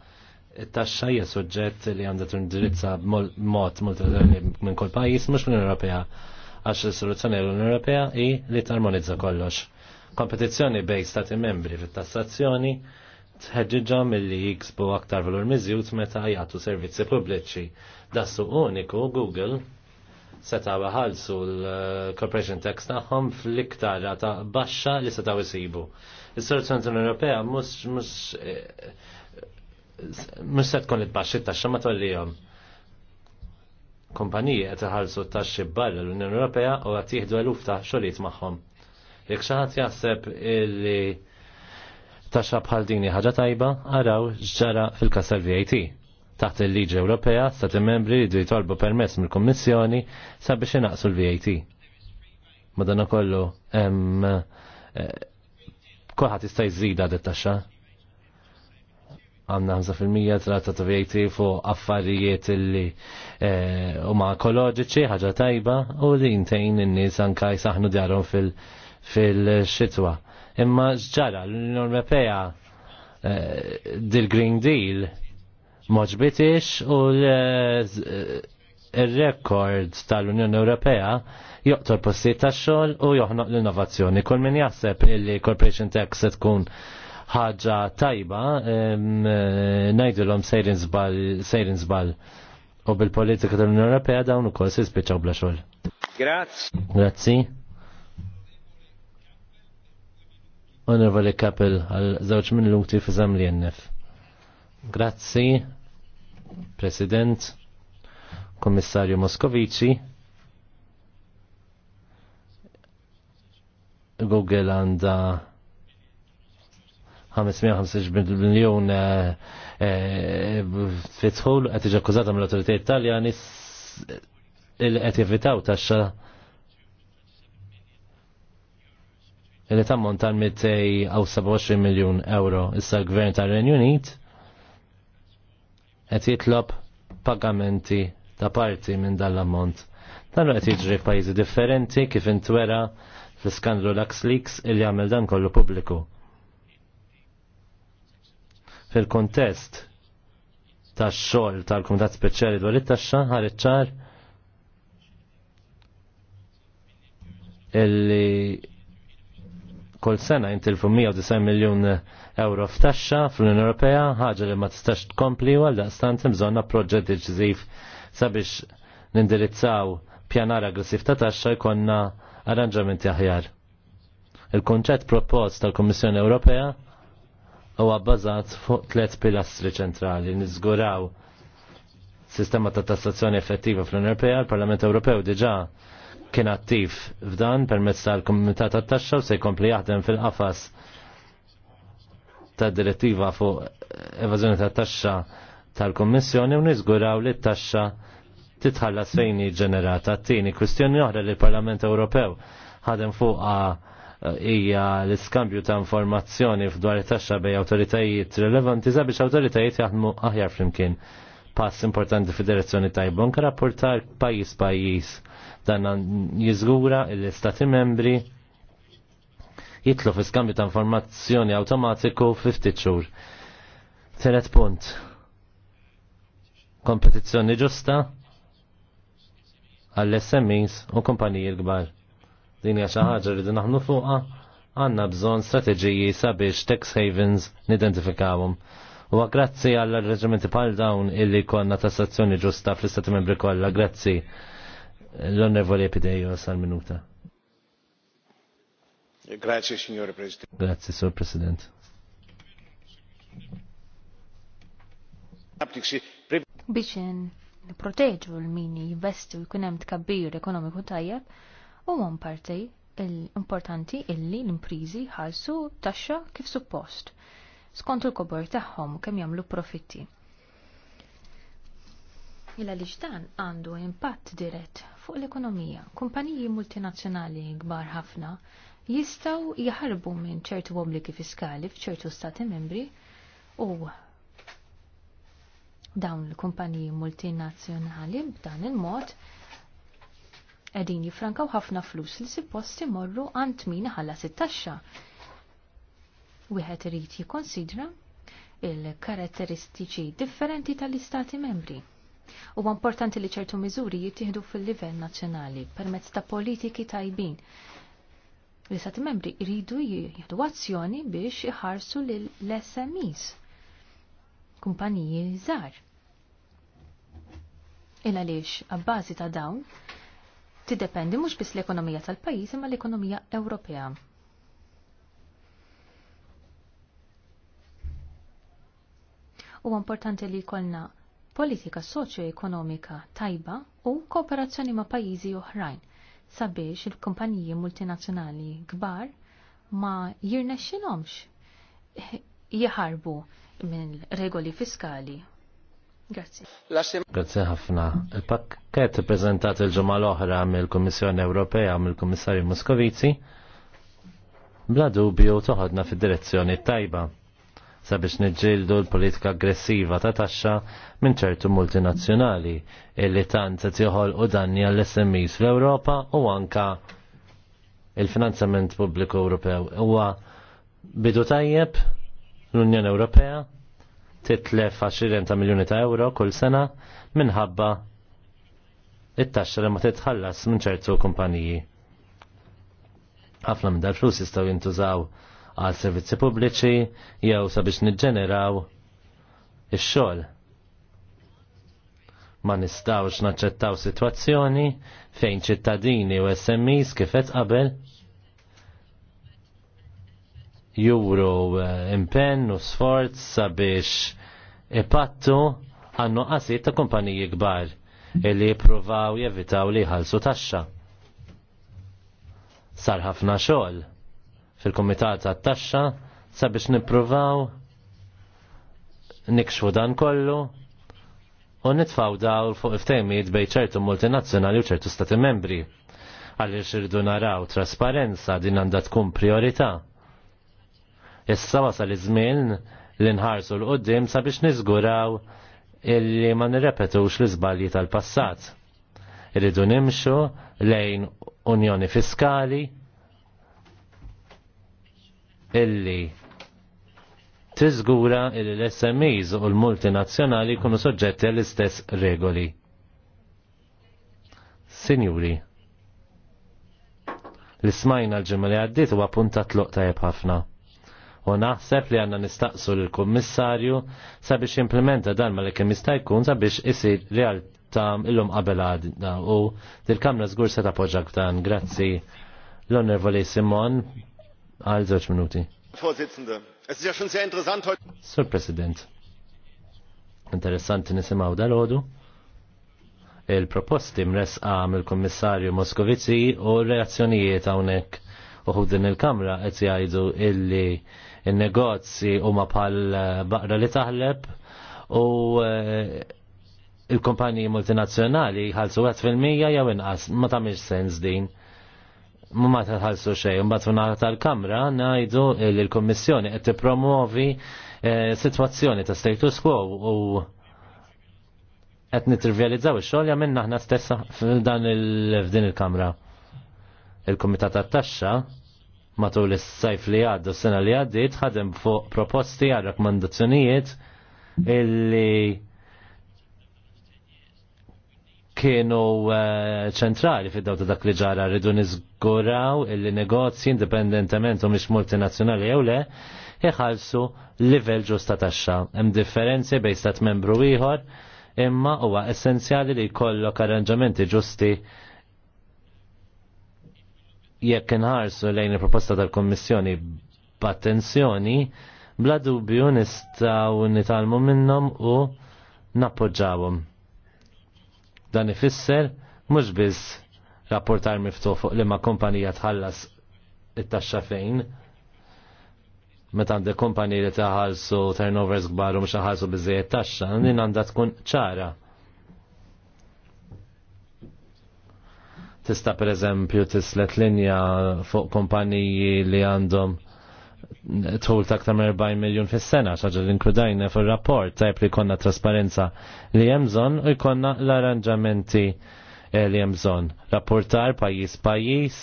It-taxxa hija suġġett li għandha tindirizza b'mod multilaterali minn kull pajjiż mhux l-Ewropea għax il soluzzjoni l-Unjoni Ewropea hi li tarmonizza kollox kompetizzjoni bej stati membri fit-tassazzjoni tħeġġiġa mill-li jiksbu aktar valur miżjud meta jagħtu servizzi pubbliċi. Dassu uniku Google setaw ħalsu l-Corporation Tax tagħhom fl-iktar ta' baxxa li setaw isibu. Is-Soluzzjoni Ewropea mhux eh, mhux se tkun it-baxxi taxxa ma tollihom. Kumpaniji qed iħallsu t-taxxi barra l-Unjoni Ewropea u qed jieħdu eluf ta' xogħlijiet magħhom. Jek xaħat jaħseb illi taxa bħal dini ħaġa tajba, għaraw ġara fil-kasar VAT. Taħt il-liġi Ewropea, stati membri jridu jitolbu permess mill-Kommissjoni sabiex inaqsu l-VAT. Madonna kollu, eh, kolħat jista' zida d taxxa. Għanna 5% tratta ta' VAT fuq affarijiet illi eh, huma ekoloġiċi, ħaġa tajba, u li jintejn in-nies anka saħnu djarhom fil- fil-xitwa. Imma ġara l-Unjoni Ewropea eh, dil-Green Deal moġbitix u eh, l-rekord tal-Unjoni Ewropea joqtor postijiet ta' xogħol u joħnoq l-innovazzjoni. Kull min jaħseb li corporation tax se tkun ħaġa tajba eh, ngħidulhom sejrin żball sejrin żball u bil-politika tal-Unjoni Ewropea dawn ukoll se jispiċċaw bla xogħol. Grazzi. Grazzi. Honorable Kapil, għal żewġ minuti fi li jennef. Grazzi, President, Kommissarju Moskovici, Google għanda 550 miljon eh, eh, fitħul, għet iġakkużata mill-autoritet taljani, il-għet jevitaw taxxa li tammont tal 200 għaw 27 miljon euro. Issa l-Gvern tal-Renju Unit qed jitlob pagamenti ta' parti minn dal-ammont. Dan qed jiġri f'pajjiżi differenti kif intwera fl-skandlu LuxLeaks il jagħmel dan kollu pubbliku. Fil-kontest tax-xogħol tal-Kumitat Speċjali dwar it-taxxa ħareċ ċar illi kull sena fu 190 miljon euro f'taxxa fl-Unjoni Ewropea, ħaġa li ma tistax tkompli għal daqstant imżonna proġett deċiżiv sabiex nindirizzaw pjanar aggressiv ta' taxxa jkollna arranġamenti aħjar. Il-konċett propost tal-Kummissjoni Ewropea huwa bbażat fuq tliet pilastri ċentrali nizguraw sistema ta' tassazzjoni effettiva fl-Unjoni Ewropea, il-Parlament Ewropew diġà kien attiv f'dan permezz tal-Komitat tat-Taxxa u se jkompli jaħdem fil-qafas tad direttiva fuq evażjoni tat-taxxa tal kummissjoni u niżguraw li t-taxxa titħallas fejn ġenerata. T-tieni kwistjoni oħra li l-Parlament Ewropew ħadem fuqha eh, hija l-iskambju ta' informazzjoni f'dwar it-taxxa bej awtoritajiet rilevanti sabiex awtoritajiet jaħdmu aħjar flimkien pass importanti fid-direzzjoni tajbon ka rapportar pajis pajis Dan jiżgura il istati membri jitlu fi skambju ta' informazzjoni automatiku 50 xhur. Teret punt. Kompetizzjoni ġusta għall-SMEs u kumpaniji l-kbar. Din hija xi ħaġa rridu naħnu fuqha għandna bżonn strateġiji sabiex tax havens nidentifikawhom. U grazzi għall arreġimenti bħal dawn illi konna tassazzjoni ġusta fl-Istati Membri kollha, grazzi L-Onorevoli Epidejo sal-minuta. Grazie, signore Presidente. Grazie, signor Presidente. Biex proteġu l-mini jivestu jkunem tkabbir ekonomiku tajjeb, u għon parti l-importanti illi l-imprizi ħalsu taxxa kif suppost, skont il-kobor tagħhom kemm jagħmlu profitti. Illa li dan għandu impatt dirett fuq l-ekonomija. Kumpaniji multinazzjonali kbar ħafna jistaw jħarbu minn ċertu obbligi fiskali f'ċertu stati membri u dawn l-kumpaniji multinazzjonali b'dan il-mod edin jifrankaw ħafna flus li suppost imorru għand min ħalla sit Wieħed irid jikkonsidra il-karatteristiċi differenti tal-istati membri. Huwa importanti li ċertu miżuri jittieħdu fil-livell nazzjonali permezz ta' politiki tajbin. l stati membri jridu jieħdu azzjoni biex iħarsu l-SMEs, kumpaniji żgħar. Il għaliex għabbażi ta' dawn tiddependi mhux biss l-ekonomija tal-pajjiż imma l-ekonomija Ewropea. Huwa importanti li jkollna politika soċjo-ekonomika tajba u kooperazzjoni ma' pajjiżi oħrajn sabiex il-kumpaniji multinazzjonali kbar ma jirnexxilhomx jaħarbu minn regoli fiskali. Grazie. Grazie ħafna. Il-pakket prezentat il-ġimgħa l-oħra mill-Kummissjoni Ewropea mill-Kummissarju Moscovici bla dubju toħodna fid-direzzjoni tajba sabiex niġġieldu l-politika aggressiva ta' taxxa minn ċertu multinazzjonali illi tant tieħol u danni għall smis fl-Ewropa u anka il-finanzament pubbliku Ewropew. Huwa bidu tajjeb l-Unjoni Ewropea titlef 20 ta' miljoni ta' euro kull sena minħabba it-taxxa li ma titħallas minn ċertu kumpaniji. Ħafna minn dal-flus jistgħu jintużaw għal servizzi pubbliċi jew sabiex niġġeneraw ix-xogħol. Ma nistawx naċċettaw sitwazzjoni fejn ċittadini u SMEs kifet qabel juru eh, impenn u sforz sabiex ipattu għannu qasit ta' kumpaniji kbar illi jippruvaw jevitaw li ħalsu taxxa. Sar ħafna xogħol fil-Kumitat għat taxxa sabiex nippruvaw nikxfu dan kollu u nitfaw daw fuq iftemijiet bej ċertu multinazzjonali u ċertu stati membri għaliex irridu naraw trasparenza din għandha tkun priorità. Issa wasal iż-żmien li nħarsu l-qoddim sabiex niżguraw illi ma nirrepetux l-iżbalji tal-passat. Irridu nimxu lejn unjoni fiskali, illi tiżgura illi l-SMEs u l-multinazzjonali kunu soġġetti għall-istess regoli. Sinjuri, l-ismajna l-ġimma li għaddit u għapunta tluq tajab ħafna. U naħseb li għanna nistaqsu l-Kommissarju sabiex implementa dan ma li kem jista' jkun sabiex isir realtà illum qabel għadna u dil-Kamra żgur se tappoġġa dan. Grazzi l onervoli Simon għal żewġ minuti. Sur President, interessanti nisimaw dal-ħodu il-proposti mresqa mill-Kommissarju Moskovici u reazzjonijiet hawnhekk uħu din il-Kamra qed jgħidu illi il u huma pal baqra li taħleb u eh, il-kumpaniji multinazzjonali ħalsu fil-mija jew inqas ma t'amiex sens din ma taħalsu xej, mbagħad fuq tal-Kamra ngħidu li l-Kummissjoni qed tippromuovi eh, sitwazzjoni ta' status quo u qed nitrivializzaw ix xol jagħmilna aħna stessa f'dan il-f'din il-Kamra. Il-Kumitat tat-Taxxa matul is-sajf li għaddu s-sena li għaddiet ħadem fuq proposti għal rakkomandazzjonijiet illi kienu eh, ċentrali fid dawta dak li ġara rridu nizguraw il-negozji indipendentement u mhix multinazzjonali jew le iħallsu livell ġusta taxxa. Hemm differenzi bejn stat membru ieħor imma huwa essenzjali li jkollok arranġamenti ġusti jekk inħarsu lejn il-proposta tal-Kommissjoni b'attenzjoni, bla dubju nistgħu nitalmu minnhom u nappoġġawhom. Dan ifisser mhux biss rapportar miftuħ fuq li ma kumpanija tħallas it-taxxa fejn. Meta għandek kumpaniji li taħalsu turnovers kbar u mhux ħallsu biżejjed taxxa, din għandha tkun ċara. Tista' pereżempju tislet linja fuq kumpaniji li għandhom tħul ta' ktar 40 miljon fis-sena xaġa l inkludajna fil-rapport tajb li konna trasparenza li jemżon u jkonna l-arranġamenti eh, li jemżon. Rapportar pajis pajis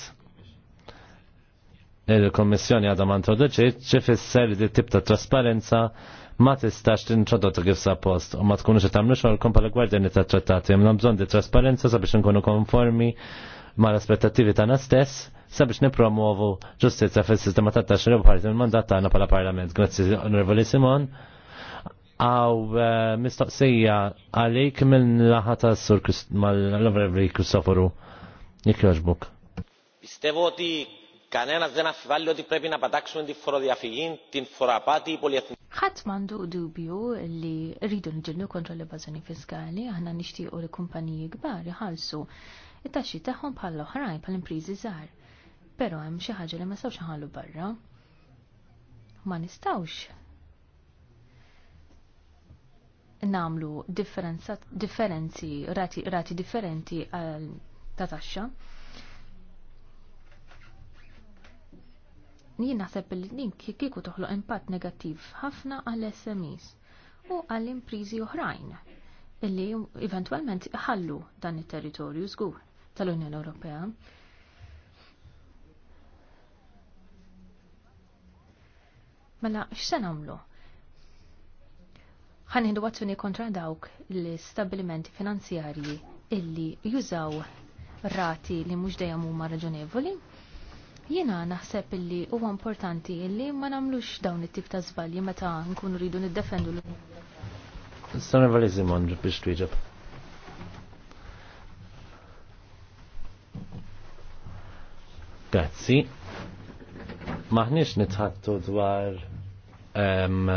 il-Kommissjoni għadha ma introduċiet ċifisser li tip ta' trasparenza ma tistax tintrodotta kif suppost u ma tkunux qed tagħmlu xogħolkom bħala gwardjani tat-trattati. Hemm bżonn di trasparenza sabiex inkunu konformi mal-aspettattivi tagħna stess sabiex nipromovu ġustizza fil-sistema ta' taxxi u parti mill-mandat tagħna bħala Parlament. Grazzi Onorevoli Simon. Għaw eh, mistoqsija għalik minn laħata s-sur mal-Onorevoli Kristoforu. Jek joġbuk. Πιστεύω ότι Κανένα δεν αμφιβάλλει ότι πρέπει να πατάξουμε τη φοροδιαφυγή, foro φοροαπάτη, polietni. Ħadd m'għandu dubju li rridu nġillu kontra l-evażjoni fiskali, aħna nixtiequ li kumpaniji kbar iħallsu it-taxxi tagħhom bħal oħrajn bħal impriżi żgħar però hemm xi ħaġa li ma nistgħux ħallu barra. Ma nistgħux namlu differenzi, rati, rati differenti għal ta' taxxa. Jien naħseb li din kieku toħloq impatt negattiv ħafna għall SMEs u għall imprizi oħrajn illi eventwalment ħallu dan it-territorju żgur tal-Unjoni Ewropea Mela, x'se nagħmlu? ħanħidu azzjoni kontra dawk l-stabilimenti finanzjarji illi jużaw rati li mhux dejjem huma raġonevoli. Jiena naħseb illi huwa importanti illi ma nagħmlux dawn it-tip ta' żbalji meta nkunu rridu niddefendu l Sara Valizimon biex twieġeb. Grazzi maħniex nitħattu dwar um,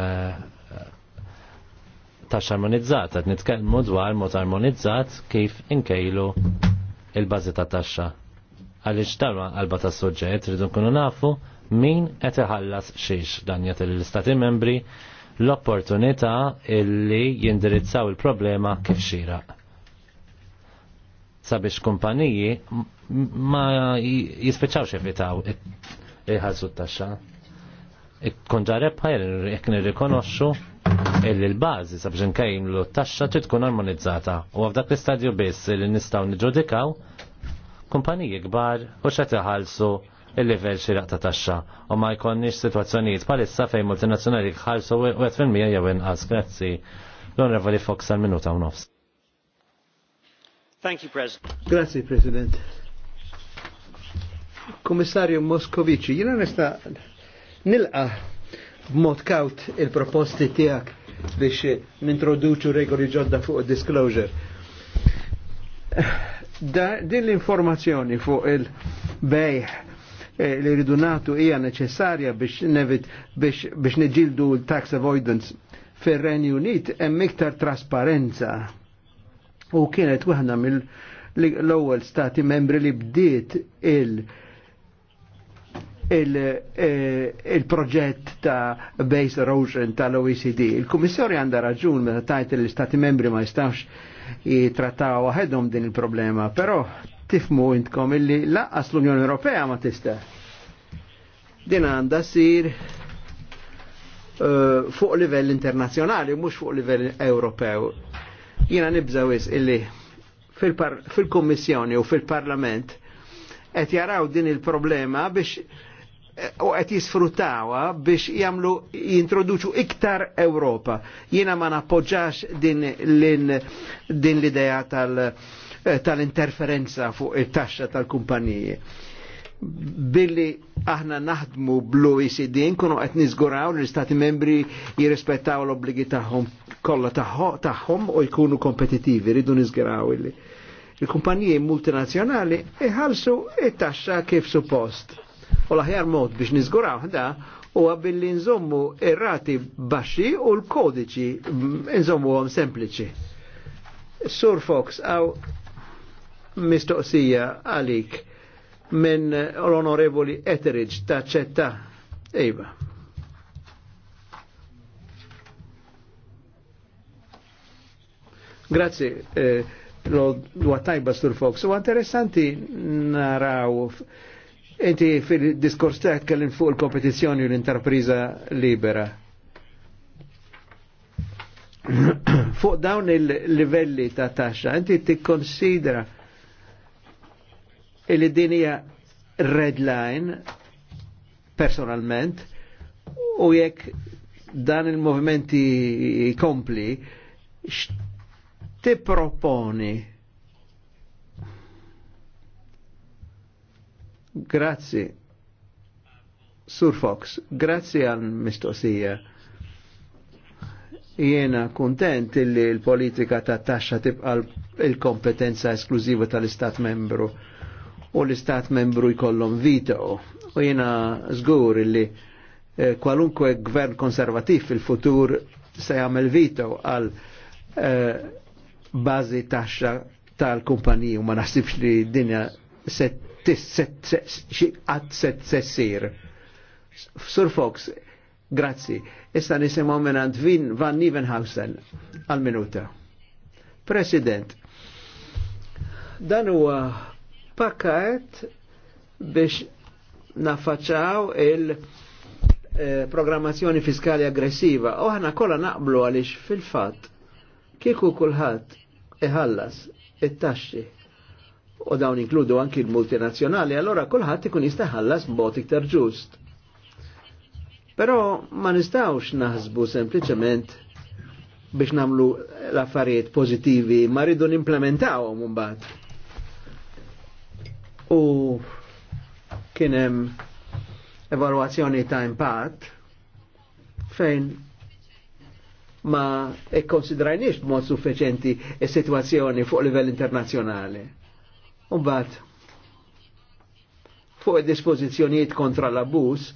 tax armonizzat, għed nitkellmu dwar mod armonizzat kif inkejlu il-bazi ta' taxxa. Għaliex darba għalba ta' soġġet rridu nkunu nafu min qed iħallas xiex dan jagħti l-istati membri l-opportunità illi jindirizzaw il-problema kif xieraq sabiex kumpaniji ma jispeċaw xevitaw iħalsu t-taxxa. Kun ġareb ħajr, jek nirrikonoxxu il l-bazi sabiex nkejmlu t-taxxa trid tkun armonizzata. U f'dak l-istadju biss li nistgħu niġġudikaw kumpaniji kbar u xa iħallsu il-livell xiraq ta' taxxa u ma jkonniex situazzjonijiet bħalissa fejn multinazzjonali ħalsu 1% jew inqas. Grazzi. L-Onorevoli Fox għal minuta u nofs. Thank you, President. Grazie, President. Komissarju Moskovici, jina nista nilqa b'mod kaut il-proposti tijak biex nintroduċu regoli ġodda fuq disclosure. Da, din l-informazzjoni fuq il-bejħ eh, li rridu natu hija neċessarja biex nevit biex, biex neġildu l-tax avoidance fir-Renju Unit hemm iktar trasparenza. U kienet waħda mill ewwel stati membri li bdiet il- il-proġett il eh, ta' base erosion tal-OECD. Il-Kummissjoni għandha raġun meta tajt l-Istati membri ma jistax jitrattaw waħedhom din il-problema, però tifmu intkom illi laqqas l-Unjoni Ewropea ma tista'. Din għandha sir uh, eh, fuq livell internazzjonali, mhux fuq livell Ewropew. Jiena nibżawis illi fil-Kommissjoni fil u fil-Parlament qed jaraw din il-problema biex u qed jisfruttawa biex jagħmlu jintroduċu iktar Ewropa. Jiena ma nappoġġax din l-idea eh, tal-interferenza tal fuq it-taxxa tal-kumpaniji. Billi aħna naħdmu blu ICD e nkunu qed niżguraw li l-Stati membri jirrispettaw l-obbligi tagħhom kollha tagħhom u jkunu kompetitivi, ridu niżguraw illi. Il-kumpaniji multinazzjonali iħallsu it-taxxa kif suppost U l-aħjar mod biex nizguraw da u billi nżommu ir baxi u l-kodiċi nżommu għom sempliċi. Sur Fox, għaw mistoqsija għalik minn l-onorevoli Etheridge ta' ċetta. Ejba. Grazie, eh, lo għattajba Sur Fox. U interessanti naraw Inti fil-diskors ta' tkellim fuq il-kompetizzjoni u l-interpriza libera. fuq dawn il-livelli ta' taxxa, inti tikkonsidra li din hija red line personalment u jekk dan il-movimenti kompli x'tipproponi proponi Grazzi. Sur Fox, grazzi għal mistoqsija. Jiena kontent li l-politika ta' taxxa tibqa l-kompetenza esklużiva tal-Istat membru u l-Istat membru jkollhom vito. U jiena żgur li eh, kwalunkwe gvern konservativ fil-futur se jagħmel vito għal eh, bażi taxxa tal-kumpaniji u ma naħsibx li dinja set għad set sessir. Sur Fox, grazzi. Issa nisimaw minnant Vin Van Nivenhausen għal-minuta. President, dan huwa pakket biex nafaċaw il-programmazzjoni eh, fiskali aggressiva. U ħana kolla naqblu għalix fil-fat kieku kullħat iħallas it-taxxi u dawn inkludu anki l-multinazzjonali, allora kulħadd ikun jista' ħallas b'mod iktar ġust. Però ma nistawx naħsbu sempliċement biex namlu l-affarijiet pożittivi, ma rridu nimplementawhom mbagħad. U kien hemm evalwazzjoni ta' impatt fejn ma ikkonsidrajniex b'mod suffiċenti is-sitwazzjoni fuq livell internazzjonali Umbat, fuq dispozizjoniet kontra l-abus,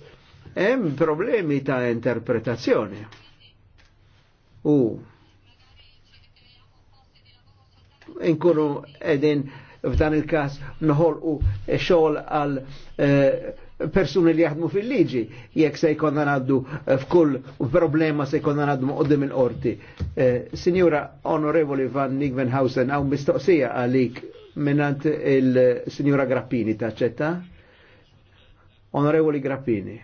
hemm problemi ta' interpretazzjoni. U inkunu edin f'dan il-kas nħolqu xogħol għal eh, persuni li jaħdmu fil-liġi jekk se jkollna għaddu f'kull problema se jkollna għaddu qoddim il-qorti. Eh, Signora Onorevoli Van Nigvenhausen, għaw mistoqsija għalik minnant il-Signora Grappini taċċetta. Onorevoli Grappini.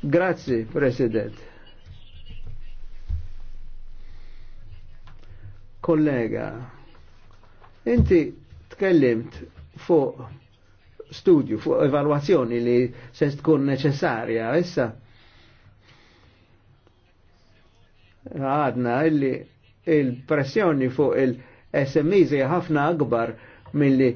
Grazie, Presidente. Kollega, inti tkellimt fuq studju, fuq evalwazzjoni li se tkun neċessarja issa. Għadna illi il-pressjoni fuq il-, -pressjoni, fu il SMEs hija ħafna akbar milli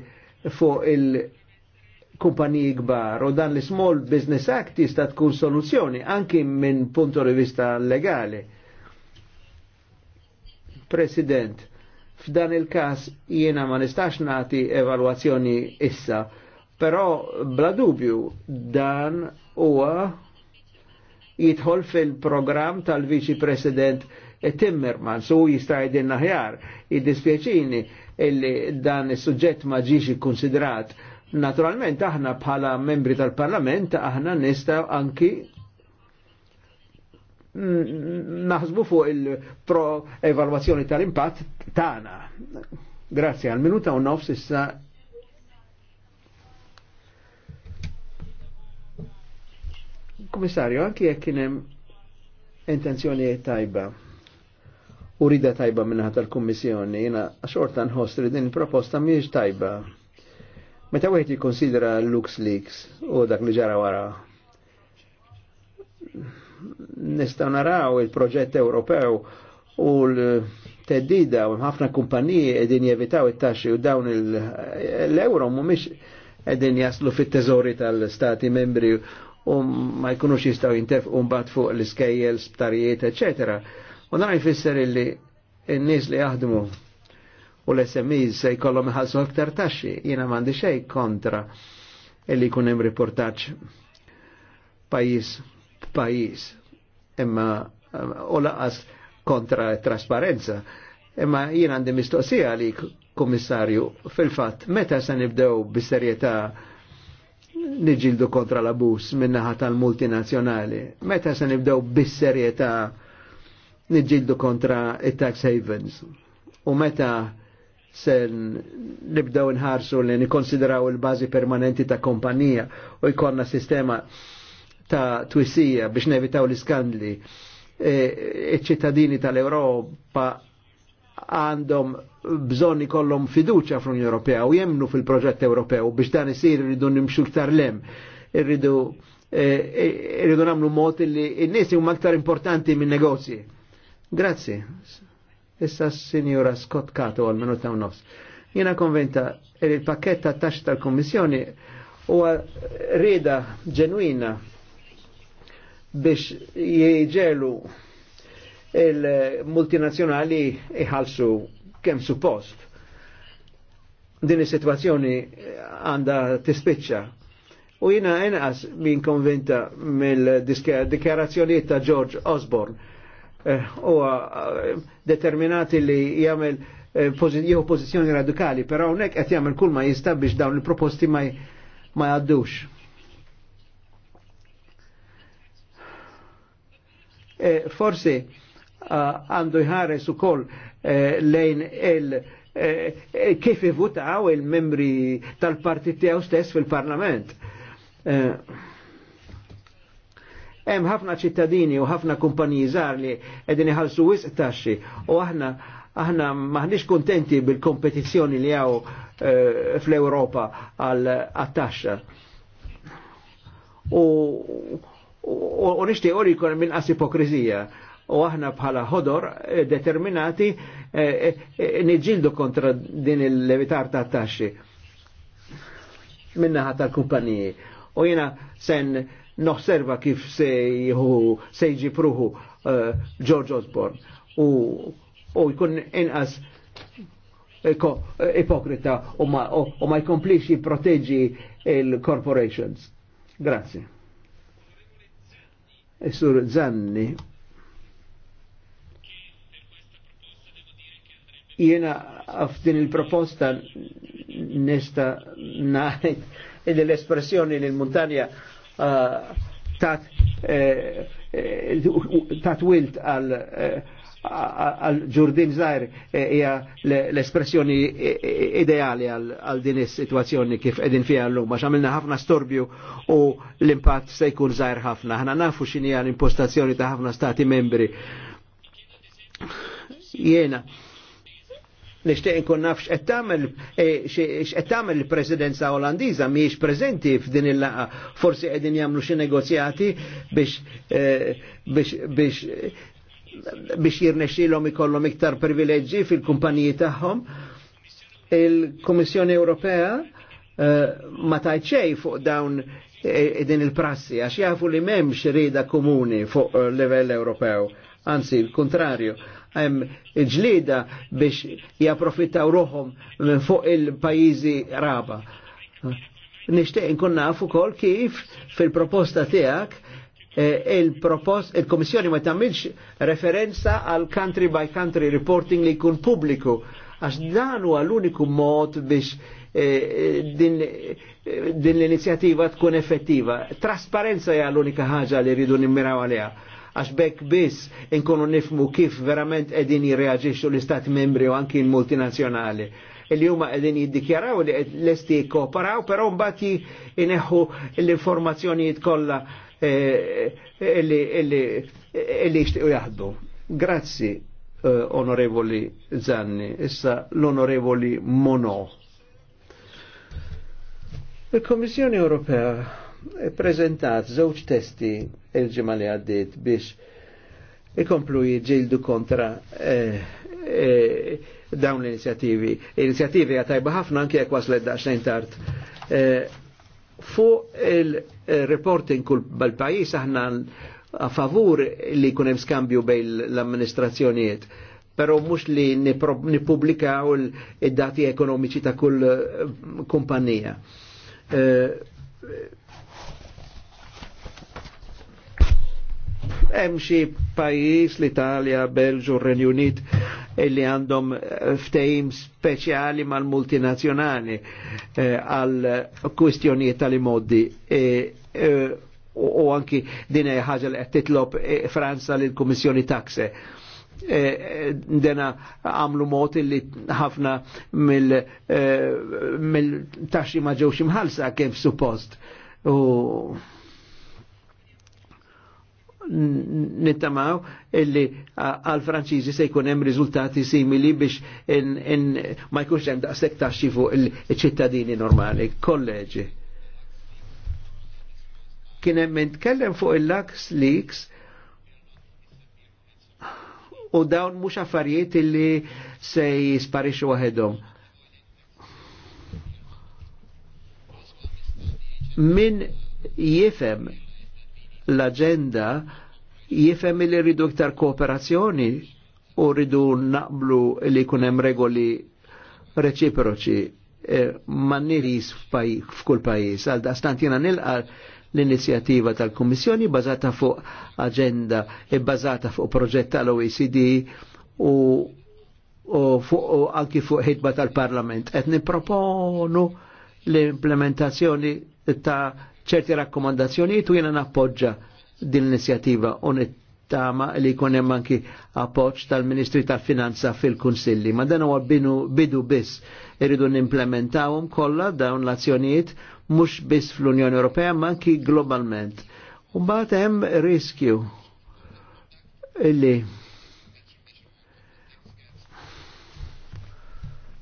fuq il-kumpaniji kbar u dan l-Small Business Act jista' tkun soluzzjoni anki minn punto di vista legali. President, f'dan il-każ jiena ma nistax nagħti evalwazzjoni issa, però bla dubju dan huwa jidħol fil-programm tal-Viċi President E Timmerman su jista' jidin naħjar id-dispjaċini illi dan is-suġġett ma ġiex ikkonsidrat. Naturalment aħna bħala membri tal-Parlament aħna nista' anki naħsbu fuq il-pro evalwazzjoni tal-impatt tana. Grazie. għal minuta u nofs issa Komissarju, anki jekk kien hemm intenzjoni tajba u rida tajba minnaħat tal kummissjoni jiena xorta nħoss li din proposta mhijiex tajba. Meta wieħed jikkonsidra LuxLeaks u dak li ġara wara. Nistgħu naraw il-proġett Ewropew u l-teddida u ħafna kumpaniji qegħdin jevitaw it-taxxi u dawn l-euro mhumiex qegħdin jaslu fit-teżori tal-stati membri u ma jkunux jistgħu jintefqu mbagħad fuq l-iskejjel, sptarijiet, eċetera. U dan jfisser illi n-nies li jaħdmu u l-SMEs se jkollhom iħallsu aktar taxxi, jiena m'għandi xejn kontra illi jkun hemm riportaġġ pajjiż pajjiż. Imma u laqas kontra trasparenza. Imma jina għandi mistoqsija li Kummissarju, fil-fatt, meta se nibdew bis-serjetà niġildu kontra l-abus minnaħa tal-multinazzjonali. Meta se nibdew bis-serjetà niġġieldu kontra it-tax havens. U meta sen nibdew nħarsu li nikonsideraw il-bażi permanenti ta' kompanija u jkollna sistema ta' twissija biex nevitaw l-iskandli e, iċ-ċittadini e, tal-Europa għandhom bżonni kollom fiduċa fl-Unjoni Ewropea u jemnu fil-proġett Ewropew biex dan isir irridu nimxu ktar lem, irridu e, e namlu mod li n-nies huma aktar importanti minn negozji. Grazie. Issa s-Sinjura Scott Kato għal minuta u nofs. Jena konventa li il-pakket ta' taxx tal-Kommissjoni u rida ġenwina biex jieġelu il multinazjonali iħalsu kem suppost. Din is-sitwazzjoni għanda tispiċċa U jina inqas min konventa mill dikjarazzjoni ta' George Osborne huwa eh, eh, determinati li jagħmel eh, jew pożizzjoni radikali, però hawnhekk qed jagħmel kull ma jista' biex dawn il-proposti ma jgħaddux. Forsi għandu jħares ukoll lejn il- kif ivutaw il-membri tal-partit tiegħu stess fil-Parlament. Eh, Hemm ħafna ċittadini u ħafna kumpaniji żgħar li qegħdin iħallsu wisq taxxi u aħna aħna maħniex kuntenti bil-kompetizzjoni li hawn eh, fl-Europa għal-taxxa. U, nixtieq u jkun minn ipokrizija. U aħna bħala ħodor eh, determinati eh, eh niġildu kontra din il-levitar ta' taxxi minnaħat tal-kumpaniji. U jena sen noħserva kif sejħu, sejġi se pruħu uh, George Osborne u, u jkun inqas ipokrita u ma, u ma jkomplix jiproteġi il-corporations. Grazie. E sur Zanni. Jena f'din il-proposta nesta najt l-espressjoni l-montanja il Eh, ta' twilt għal eh, għal ġurdin zaħir eh, hija l-espressjoni ideali għal din is-sitwazzjoni kif edin fija l-lum, għax għamilna ħafna storbju u l-impatt se jkun zaħir ħafna. Ħna nafu xini għal impostazzjoni ta' ħafna stati membri. Jena, xteq nkun naf e, x'qed tagħmel il-Presidenza Olandiża mhijiex preżenti f'din il-laqa, forsi qegħdin jagħmlu xi negozjati biex e, biex biex jirnexxilhom ikollhom iktar privileġġi fil-kumpaniji tagħhom. Il-Kummissjoni Ewropea e, ma tajċej xejn fuq dawn din il-prassi għax jafu li m'hemmx rieda komuni fuq livell Ewropew, anzi l-kontrarju hemm ġlieda biex japprofittaw ruhom minn fuq il-pajjiżi raba. Nixtieq inkun naf ukoll kif fil-proposta tiegħek eh, il-Komissjoni il ma tagħmilx referenza għal country by country reporting li jkun pubbliku għax dan huwa l-uniku mod biex eh, din, eh, din l-inizjattiva tkun effettiva. Trasparenza hija l-unika ħaġa li rridu nimmiraw għaliha għax bekk biss inkunu nifmu kif verament edin jirreagġixxu l istat membri u anki l-multinazzjonali Il-jumma edin jiddikjaraw li l-esti kooperaw, pero mbagħad ineħħu l-informazzjonijiet kollha eh, eh, eh, li jixtiequ jaħdu. Grazzi, onorevoli Zanni, issa l-onorevoli Mono. Il-Kommissjoni Ewropea prezentat żewġ testi il ġimma li għaddit biex ikomplu jġildu kontra eh, eh, dawn l inizjativi Inizjattivi għatajba ħafna anke jekk waslet daqsxejn tard. Eh, Fuq il-reporting kull bal-pajis aħna a favur li kunem skambju bej l amministrazzjoniet pero mux li nipublikaw id-dati ekonomiċi ta' kull eh, kumpanija. E, Hemm xi pajjiż l-Italja, Belġu, Renju Unit li għandhom eh, ftehim speċjali mal-multinazzjonali eh, għal kwistjonijiet tal-imoddi e, e, u anki din hija ħaġa li qed titlob e, Franza lil kummissjoni Taxe. dena għamlu mot li ħafna mill-taxxi ma ġewx imħalsa kemm suppost nittamaw illi għal-Franċiżi se jkun hemm riżultati simili biex ma jkunx hemm daqshekk taxxi fuq il-ċittadini normali, kolleġi. Kien hemm nitkellem fuq il-Lux Leaks u dawn mhux affarijiet illi se jisparixxu waħedhom. Min jifem l-agenda jifem li rridu iktar kooperazzjoni u rridu naqblu li kunem regoli reċiproċi eh, ma niris f'kull pajis. Għal da stantina nilqa l-inizjativa tal-Kommissjoni bazata fuq agenda e bazata fuq proġett tal-OECD u u fuq anki fuq ħidba tal-Parlament. Et niproponu l-implementazzjoni ta' ċerti rakkomandazzjonijiet u jiena nappoġġa din l-inizjattiva u nittama li jkun hemm anki appoġġ tal-Ministri tal-Finanza fil-Kunsilli. Ma dan huwa binu bidu biss irridu nimplementawhom kollha dawn l-azzjonijiet mhux biss fl-Unjoni Ewropea ma anki globalment. U mbagħad hemm riskju illi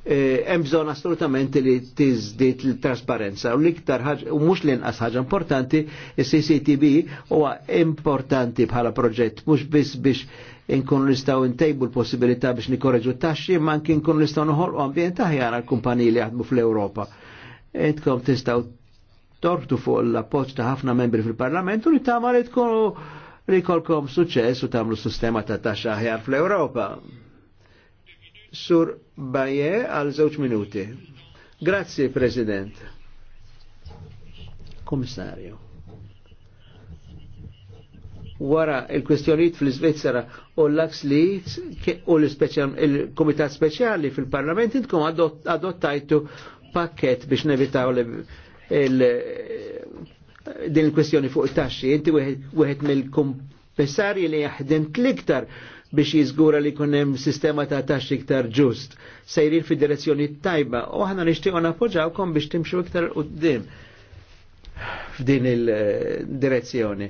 Eh, hemm bżonn assolutament li tiżdiet l-trasparenza u l-iktar u mhux l-inqas ħaġa importanti is-CCTV huwa importanti bħala proġett mhux biss biex inkun nistgħu ntejbu l-possibilità biex nikorreġu t-taxxi, ma anke nkun nistgħu noħolqu ambjent aħjar għall kumpaniji li jaħdmu fl-Ewropa. Intkom tistgħu tortu fuq l-appoġġ ta' ħafna membri fil-Parlament u li tagħmel li jkollkom suċċess u tagħmlu sistema ta' taxxa aħjar fl-Ewropa. Sur Baje għal żewġ minuti. Grazzi, President. Komissarju. Wara il-kwestjoniet fl-Svizzera u l-Lux u l-Komitat Speċjali fil-Parlament intkom adottajtu pakket biex nevitaw din il-kwestjoni fuq it-taxxi. Inti wieħed mill-kompessarji li jaħdem l-iktar biex jizgura li kunem sistema ta' taxxi iktar ġust. Sejrin fi direzzjoni tajba u ħana nishtiqo napoġawkom biex timxu iktar u f'din il-direzzjoni.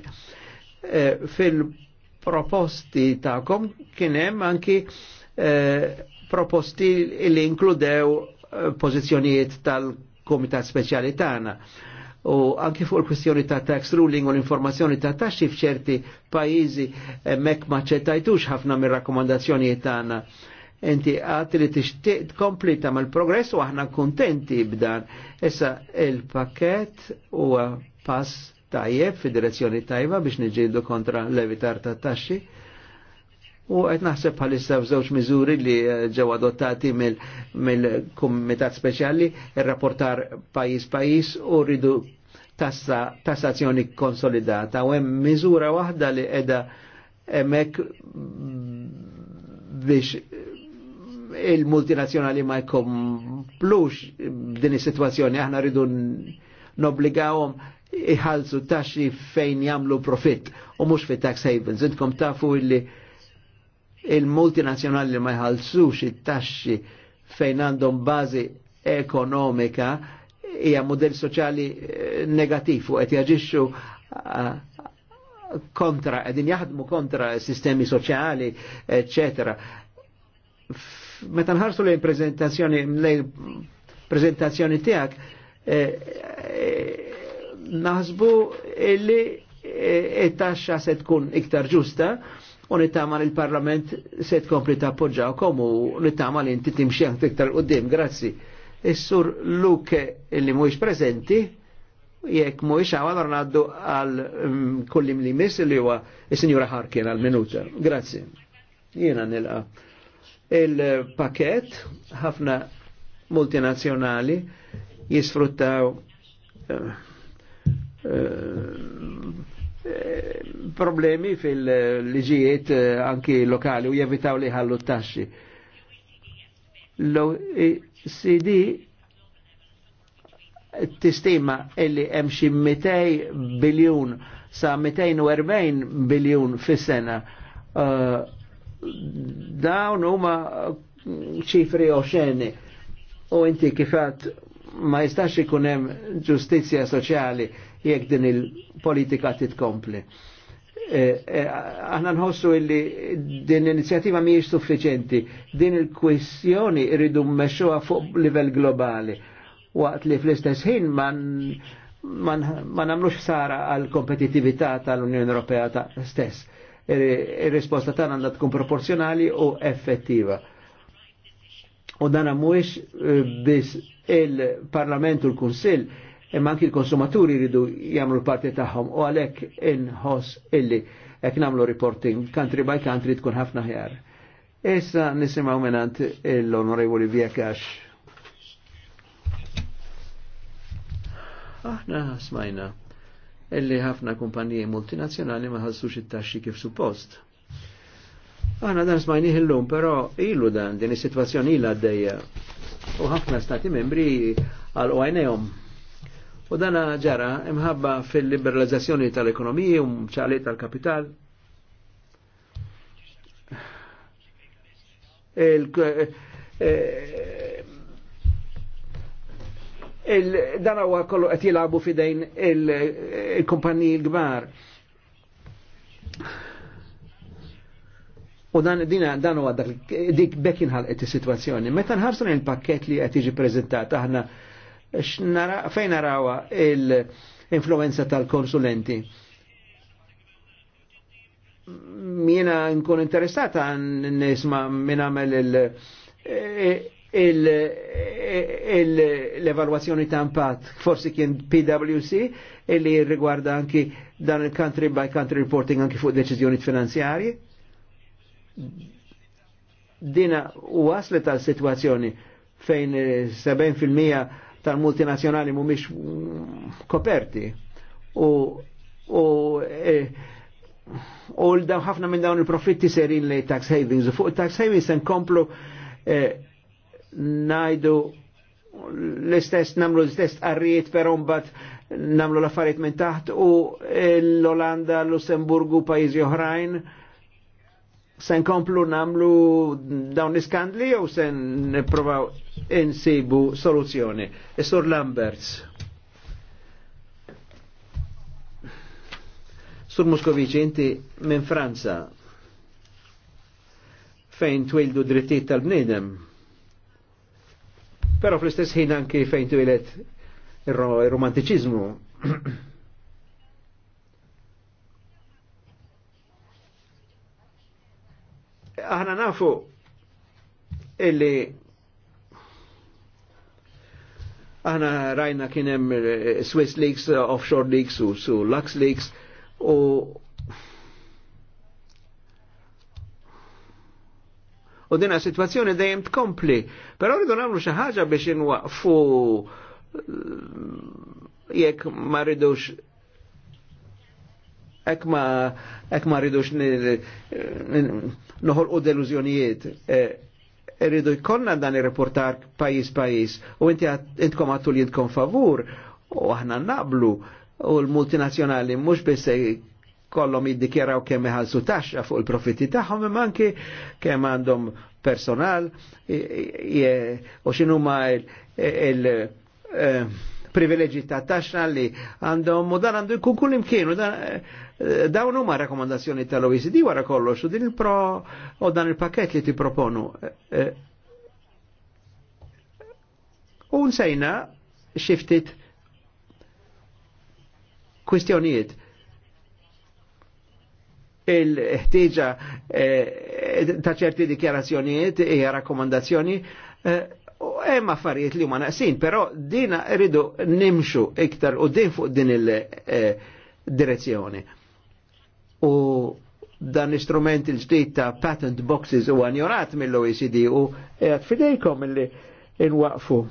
Eh, fil-proposti ta'kom kienem anki eh, proposti li inkludew eh, pozizjonijiet tal-Komitat Speċjali tagħna. Ta u anki fuq il-kwestjoni ta' tax ruling u l-informazzjoni ta' taxxi f'ċerti pajjiżi mek ma ċettajtux ħafna mir rakkomandazzjonijiet tagħna. Enti għat li tixtieq tkomplita mal-progress u aħna kuntenti b'dan. Issa il-pakket huwa pass tajjeb fi direzzjoni tajba biex niġġieldu kontra l-evitar ta' taxxi U għed naħseb bħalissa f'żewġ miżuri li eh, ġew adottati mill-Kumitat Speċjali, ir-rapportar pajis pajis u rridu tassazzjoni konsolidata. U hemm miżura waħda li qiegħda hemmhekk biex il-multinazzjonali ma jkomplux din is-sitwazzjoni aħna rridu nobbligawhom iħalsu taxxi fejn jagħmlu profitt u mhux fit tax havens. Intkom tafu illi il-multinazjonali li ma jħalsux it-taxxi fejn għandhom bażi ekonomika hija modell soċjali eh, negativ u qed jaġixxu eh, kontra, qegħdin jaħdmu kontra sistemi soċjali, eċetera. Meta nħarsu lejn prezentazzjoni lejn prezentazzjoni tiegħek eh, naħsbu illi it-taxxa se tkun iktar ġusta u nittama li l-Parlament se tkompli ta' appoġġawkom komu nittama li inti timxi għantik tal-qoddim, grazzi. Is-sur Luke li mhuwiex prezenti, jek mhuwiex hawn allora ngħaddu għal mm, kullim li mis li huwa il sinjura Harkin għal minuta. Grazzi. Jiena nilqa. il paket ħafna multinazzjonali jisfruttaw uh, uh, problemi fil-liġijiet eh, anki lokali u jevitaw li ħallu t-taxxi. L-CD e istima illi emxi 200 biljon sa 240 biljon fis-sena. Uh, Dawn huma ċifri oxeni u inti kifat ma jistax ikun ġustizja ġustizzja soċjali jekk din il-politika titkompli. Eh, eh, aħna nħossu illi din l inizjativa miex suffiċenti. Din il kwissjoni rridu mmexxuha fuq livell globali. Waqt li fl-istess ħin ma nagħmlux sara għal kompetitività tal-Unjoni Ewropea ta stess. Ir-risposta tagħna għandha tkun proporzjonali u effettiva. U dan mhuwiex eh, biss il-Parlament u l-Kunsill imma anki l-konsumaturi jridu jagħmlu l-parti tagħhom u għalhekk inħos illi ek nagħmlu reporting country by country tkun ħafna ħjar. Issa nisimaw minant l-Onorevoli Vjekax. Aħna smajna illi ħafna kumpaniji multinazzjonali ma ħassux it-taxxi kif suppost. Aħna dan smajni hillum, pero ilu dan din is-sitwazzjoni ila għaddejja. U ħafna stati membri għal għajnejhom U dana ġara imħabba fil-liberalizzazzjoni tal ekonomija u um tal-kapital. Eh, dan huwa kollu qed jilagħbu f'idejn il-kumpaniji l-kbar. U dan dina dan huwa dik bekin qed is-sitwazzjoni. Meta nħarsu il-pakkett li qed jiġi preżentat aħna fejn narawa l-influenza tal-konsulenti. Miena nkun interessata nisma minn għamel l-evaluazzjoni ta' impatt, forsi kien PwC, illi rigwarda anki dan il-country by country reporting anki fuq deċiżjoni finanzjarji dina waslet tal situazzjoni fejn 70% tal-multinazjonali mumiex koperti. U u e, u l-daw ħafna minn dawn il-profitti serin li tax havings. Fuq tax havings sen komplu eh, najdu l-istess namlu l-istess arriet per ombat namlu l-affariet minn taħt u l-Olanda, l-Lussemburgu, pajizi oħrajn sen komplu namlu dawn iskandli jew sen nipprovaw insibu soluzzjoni. Isur e Lamberts. Sur Muskovici, inti minn Franza fejn twildu drittijiet tal-bnidem. Però fl-istess ħin anki fejn twilet ir-romantiċizmu. aħna nafu illi aħna rajna kienem eh, Swiss Leaks, eh, Offshore Leaks u su Lux Leaks u u dina situazzjoni dejjem tkompli. pero rridu nagħmlu xi ħaġa biex inwaqfu eh, jekk ma rridux ek ma ek ma rridux u deluzjonijiet. E, rridu jkollna dan ir-reportar pajis pajis u inti intkom għattu li jintkom favur u aħna nablu u l multinazjonali mhux biss kollom jiddikjaraw kemm iħallsu taxxa fuq il-profitti tagħhom imma anke kemm għandhom personal u x'inhuma il-, il, il eh, privileġi ta' taxxa li għandhom u dan għandu jkun kull imkienu eh, dawn huma rakkomandazzjoni tal-OECD wara kollox u din il-pro u dan il-pakett li ti proponu. Eh, eh, u nsejna xiftit kwistjonijiet il-ħtieġa ta' ċerti dikjarazzjonijiet e rakkomandazzjoni hemm affarijiet li huma naqsin, però dina rridu nimxu iktar u din fuq din il-direzzjoni. Eh, u dan istrument il-ġdid ta' patent boxes e u għanjorat mill-OECD u għed fidejkom illi inwaqfu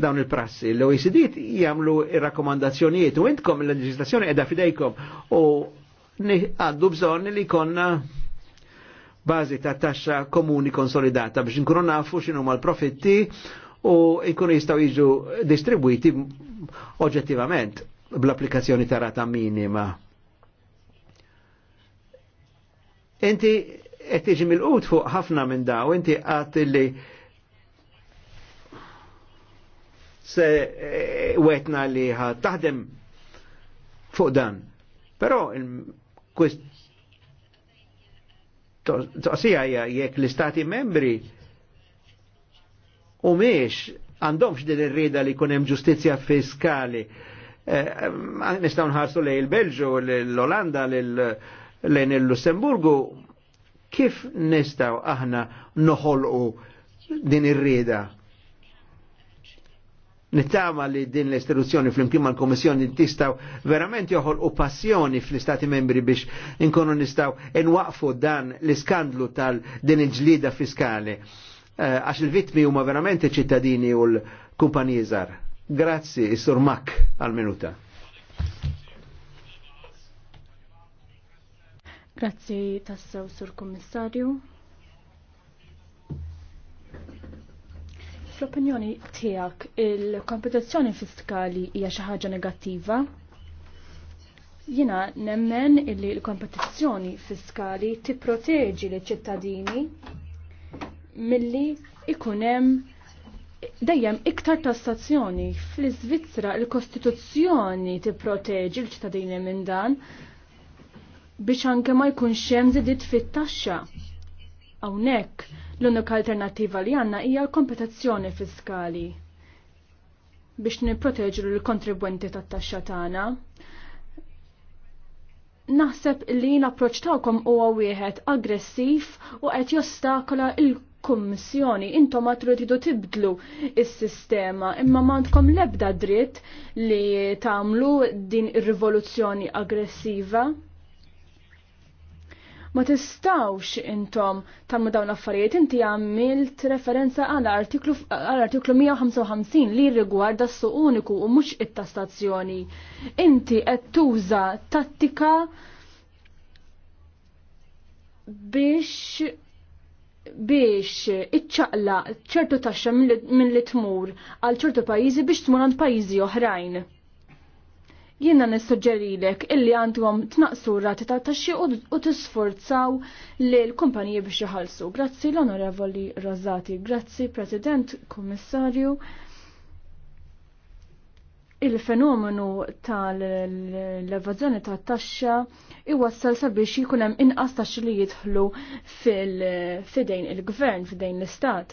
dawn il-prassi. L-OECD jamlu il-rakkomandazzjonijiet u intkom il-leġislazzjoni edha fidejkom u għaddu bżon li konna bażi ta' taxxa komuni konsolidata biex nkunu nafu x'inhu mal-profitti u jkunu jistgħu jiġu distribwiti oġġettivament bl-applikazzjoni ta' rata minima. Inti qed tiġi mill fuq ħafna minn daw, inti qatt li se eh, wetna li taħdem fuq dan. Però il-kwist toqsija jekk l-istati membri u miex għandhomx din ir-rida li jkun hemm ġustizzja fiskali. Eh, nistgħu nħarsu lejn il-Belġu, l-Olanda, lejn il-Lussemburgu, kif nistgħu aħna noħolqu din ir-rida? Nittama li din l-istituzzjoni fl-imkien mal-Komissjoni tistaw verament joħol u passjoni fl-Istati membri biex inkonu nistaw inwaqfu dan l-iskandlu tal-din il-ġlida fiskali. Eh, għax il-vitmi huma verament ċittadini u l-kumpaniji żgħar. Grazzi, Sur Mak, għal-minuta. Grazzi tassaw, Sur Kommissarju. Fl-opinjoni tiegħek il-kompetizzjoni fiskali hija xi ħaġa negattiva? Jiena nemmen illi l-kompetizzjoni fiskali tipproteġi l ċittadini milli ikun hemm dejjem iktar tassazzjoni. fl iżvizzra l kostituzzjoni tipproteġi l-ċittadini minn dan biex anke ma jkunx hemm żidiet fit-taxxa Hawnhekk l-unika alternativa li għandna hija l-kompetazzjoni fiskali biex nipproteġu l-kontribwenti tat-taxxa tagħna. Naħseb li l-approċċ tagħkom huwa wieħed aggressiv u qed jostakola il kummissjoni intom għat tridu tibdlu is-sistema imma m'għandkom l-ebda dritt li tagħmlu din ir-rivoluzzjoni aggressiva. Ma tistawx intom tammu dawn affarijiet inti għamilt referenza għal artiklu 155 li rigwarda s-suq uniku u mhux it-tastazzjoni. Inti qed tuża tattika biex biex iċċaqla ċertu taxxa minn li tmur għal ċertu pajjiżi biex tmur għand pajjiżi oħrajn. Jiena nissuġġerilek illi għandhom tnaqsu rati ta' taxxi u tisforzaw li l-kumpaniji biex jħallsu. Grazzi l-Onorevoli Rozzati, grazzi President, Kummissarju. Il-fenomenu tal-evazzjoni ta' taxxa iwassal sabiex jkun hemm inqas taxxi li jidħlu fil-fidejn il-gvern, fidejn l-istat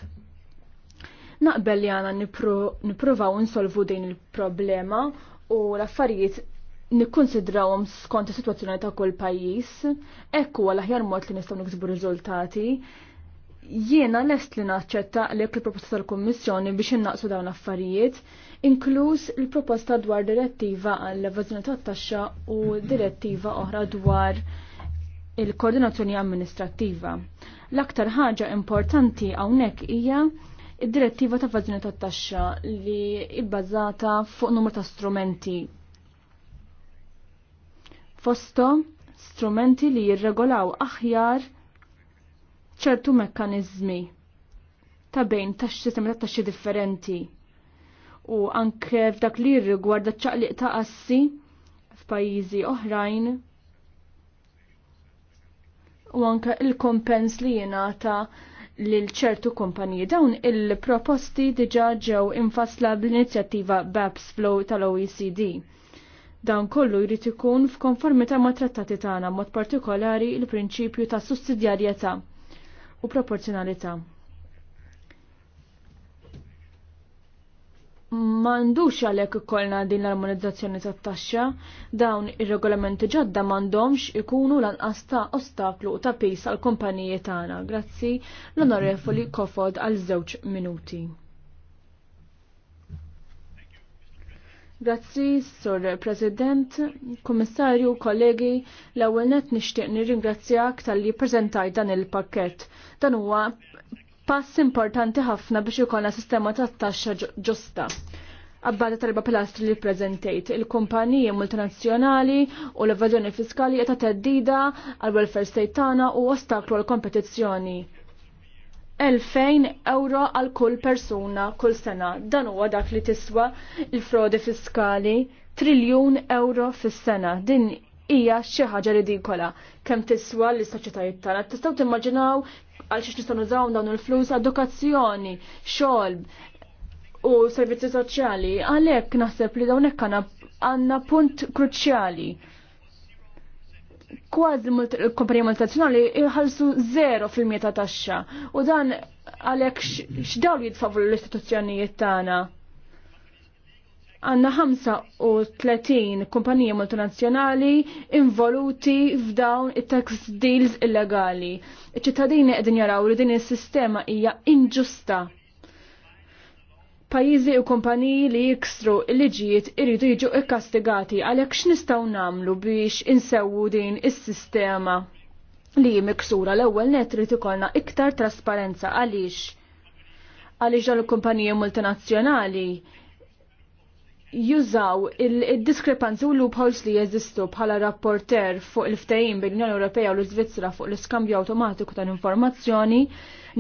naqbel li għana nipruvaw nsolvu din il-problema u l-affarijiet nikkonsidrawhom skont is-sitwazzjoni ta' kull pajjiż, hekk huwa l-aħjar mod li nistgħu niksbu riżultati. Jiena lest li naċċetta jekk il-proposta tal-Kummissjoni biex innaqsu dawn l-affarijiet, inkluż il-proposta dwar direttiva għall evażjoni tat-taxxa u direttiva oħra dwar il-koordinazzjoni amministrattiva. L-aktar ħaġa importanti hawnhekk hija id-direttiva ta' vazzjoni ta' taxxa li ibbażata fuq numru ta' strumenti. Fosto strumenti li jirregolaw aħjar ċertu mekkanizmi ta' bejn ta' sistemi ta' taxxi differenti. U anke f'dak li jirrigwarda ċaqliq ta' assi f'pajjiżi oħrajn u anke il-kompens li jingħata lil ċertu kumpaniji. Dawn il-proposti diġa ġew infasla bl-inizjattiva BAPS Flow tal-OECD. Dan kollu jrid ikun f'konformità ma' trattati tagħna mod partikolari il-prinċipju ta' sussidjarjetà u proporzjonalità. mandux għalek kolna din l-armonizzazzjoni tat taxxa dawn ir-regolamenti ġodda mandomx ikunu lanqas ta' ostaklu ta' pis għal kumpaniji tagħna. Grazzi l-onorevoli Kofod għal żewġ minuti. Grazzi, Sur President, Kommissarju, kollegi, l-ewwel net nixtieq nirringrazzjak tal-li prezentaj dan il-pakkett. Dan huwa pass importanti ħafna biex ikollna sistema ta' taxxa ġusta. Abbada tal pilastri li prezentejt, il-kumpaniji multinazzjonali u l evażjoni fiskali ta' teddida għal-welfare state tagħna u ostaklu għal kompetizzjoni. 2000 euro għal kull persuna kull sena. Dan huwa dak li tiswa il-frodi fiskali triljun euro fis-sena. Din hija xi ħaġa ridikola. Kemm tiswa l soċjetajiet tagħna. Tistgħu timmaġinaw għal xiex nistgħu nużaw dawn il-flus edukazzjoni, xogħol u servizzi soċjali. Għalhekk naħseb li dawn hekk għandna punt kruċjali. Kważi il kompanija multinazzjonali jħallsu 0% fil ta' taxxa u dan għalhekk x'dawl jitfavlu l-istituzzjonijiet tagħna għanna 35 kumpanija multinazzjonali involuti f'dawn it-tax deals illegali. Iċ-ċittadini qegħdin jaraw li din is-sistema hija inġusta. Pajjiżi u kumpaniji li jiksru l-liġijiet iridu jiġu ikkastigati għalhekk x'nistgħu nagħmlu biex insewwu din is-sistema li miksura l-ewwel net trid ikollna iktar trasparenza għaliex għaliex il kumpaniji multinazzjonali jużaw il-diskrepanzi u loopholes li jeżistu bħala rapporter fuq il-ftajim bil-Unjoni Ewropea u l-Svizzera fuq l-iskambju automatiku ta' informazzjoni,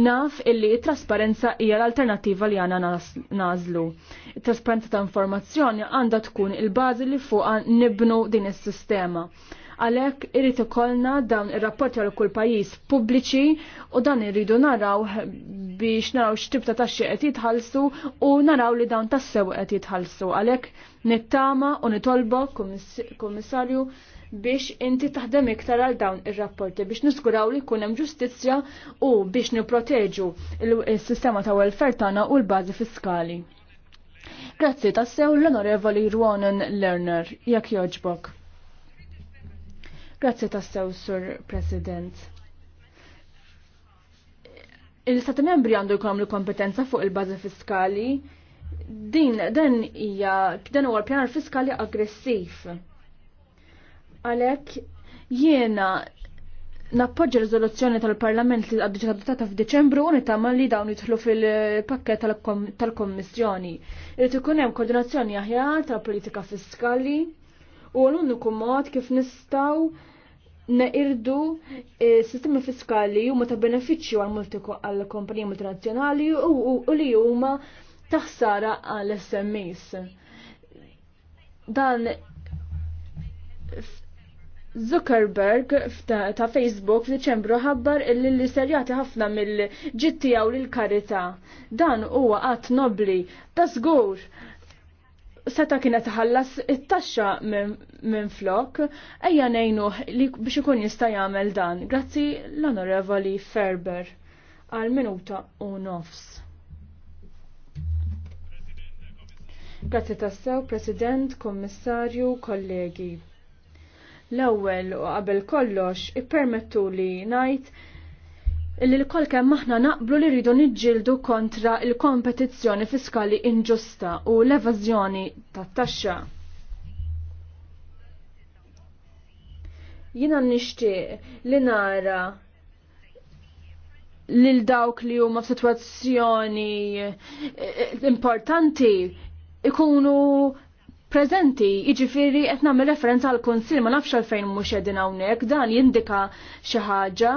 naf illi trasparenza hija l-alternativa li għana nażlu. Trasparenza ta' informazzjoni għandha tkun il-bażi li fuqha nibnu din is-sistema. Għalhekk irid ikollna dawn ir-rapporti għal kull pajjiż pubbliċi u dan irridu naraw biex naraw x'tib ta' taxxi qed jitħallsu u naraw li dawn tassew qed jitħallsu. Għalhekk nittama u nitolbok kummissarju biex inti taħdem iktar għal dawn ir-rapporti biex niskuraw li kunem ġustizzja u biex niproteġu il-sistema ta' welfare tagħna u l-bażi fiskali. Grazzi tassew l-onorevoli Ruonen Lerner, jekk joġbok. Grazie tassew, Sur President. Il-Stati membri għandu jkollhom l-kompetenza fuq il-bażi fiskali. Din dan hija dan huwa pjanar fiskali aggressiv. Għalhekk jiena nappoġġa riżoluzzjoni tal-Parlament li għaddiġa adottata f'Deċembru u nitama li dawn jidħlu fil-pakket tal-Kommissjoni. Irid ikun hemm koordinazzjoni aħjar tal-politika fiskali u l-uniku mod kif nistaw neqirdu eh, sistemi fiskali huma ta' benefiċċju għal kompanija multinazzjonali u li huma taħsara għal SMEs. Dan Zuckerberg ta' Facebook f'Diċembru ħabbar illi li serjati ħafna mill-ġitti u l-karita. Dan huwa għat nobli, ta' żgur seta kienet ħallas it-taxxa minn flok, ejja nejnu li biex ikun jista' jagħmel dan. Grazzi l-Onorevoli Ferber għal minuta u nofs. Grazzi tassew, President, Kommissarju, kollegi. L-ewwel u qabel kollox ippermettu li ngħid illi l-kol kemm aħna naqblu li rridu niġġieldu kontra il-kompetizzjoni fiskali inġusta u l-evażjoni tat-taxxa. Jina nixtieq li nara lil dawk li huma f'sitwazzjoni eh, eh, importanti ikunu prezenti, jiġifieri qed nagħmel referenza għal kunsill ma nafx għalfejn mhux qegħdin hawnhekk, dan jindika xi ħaġa.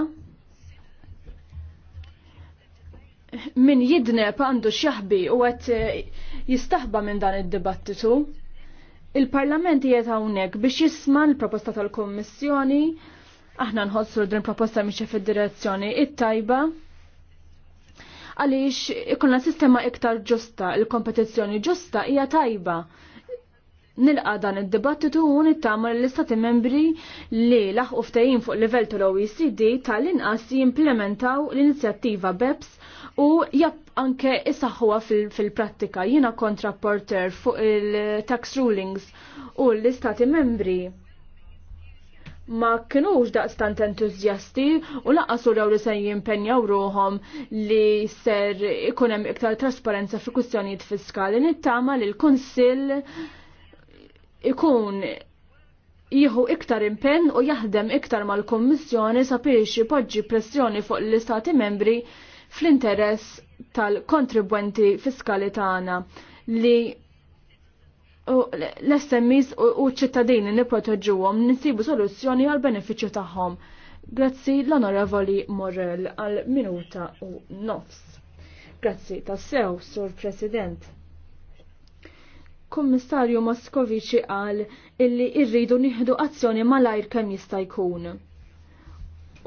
min jidneb għandu xjaħbi u għet eh, jistaħba minn dan id-dibattitu. Il-Parlament jiet hawnhekk biex jisma' l-proposta tal-Kommissjoni, aħna nħossu din proposta miex fid-direzzjoni it-tajba għaliex ikolna sistema iktar ġusta, il-kompetizzjoni ġusta hija tajba. Nilqa dan id-dibattitu u nittama l-istati membri li laħqu ftehim fuq livell tal-OECD tal-inqas jimplementaw l-inizjattiva BEPS u jab anke isaħħuha fil-prattika. Fil Jiena kontraporter fuq il-tax rulings u l-istati membri ma kinux daqstant entuzjasti u laqas rawri li se jimpenjaw ruhom li ser ikun hemm iktar trasparenza fi kwistjonijiet fiskali nittama li l-Kunsill ikun jieħu iktar impenn u jaħdem iktar mal-Kommissjoni sabiex ipoġġi pressjoni fuq l-Istati membri fl-interess tal-kontribwenti fiskali tagħna li l-SMEs u ċittadini niproteġuhom nisibu soluzzjoni għal benefiċċju tagħhom. Grazzi l-Onorevoli Morel għal minuta u nofs. Grazzi tassew, Sur President. Kummissarju Moskoviċi għal illi irridu nieħdu azzjoni malajr kemm jista' jkun.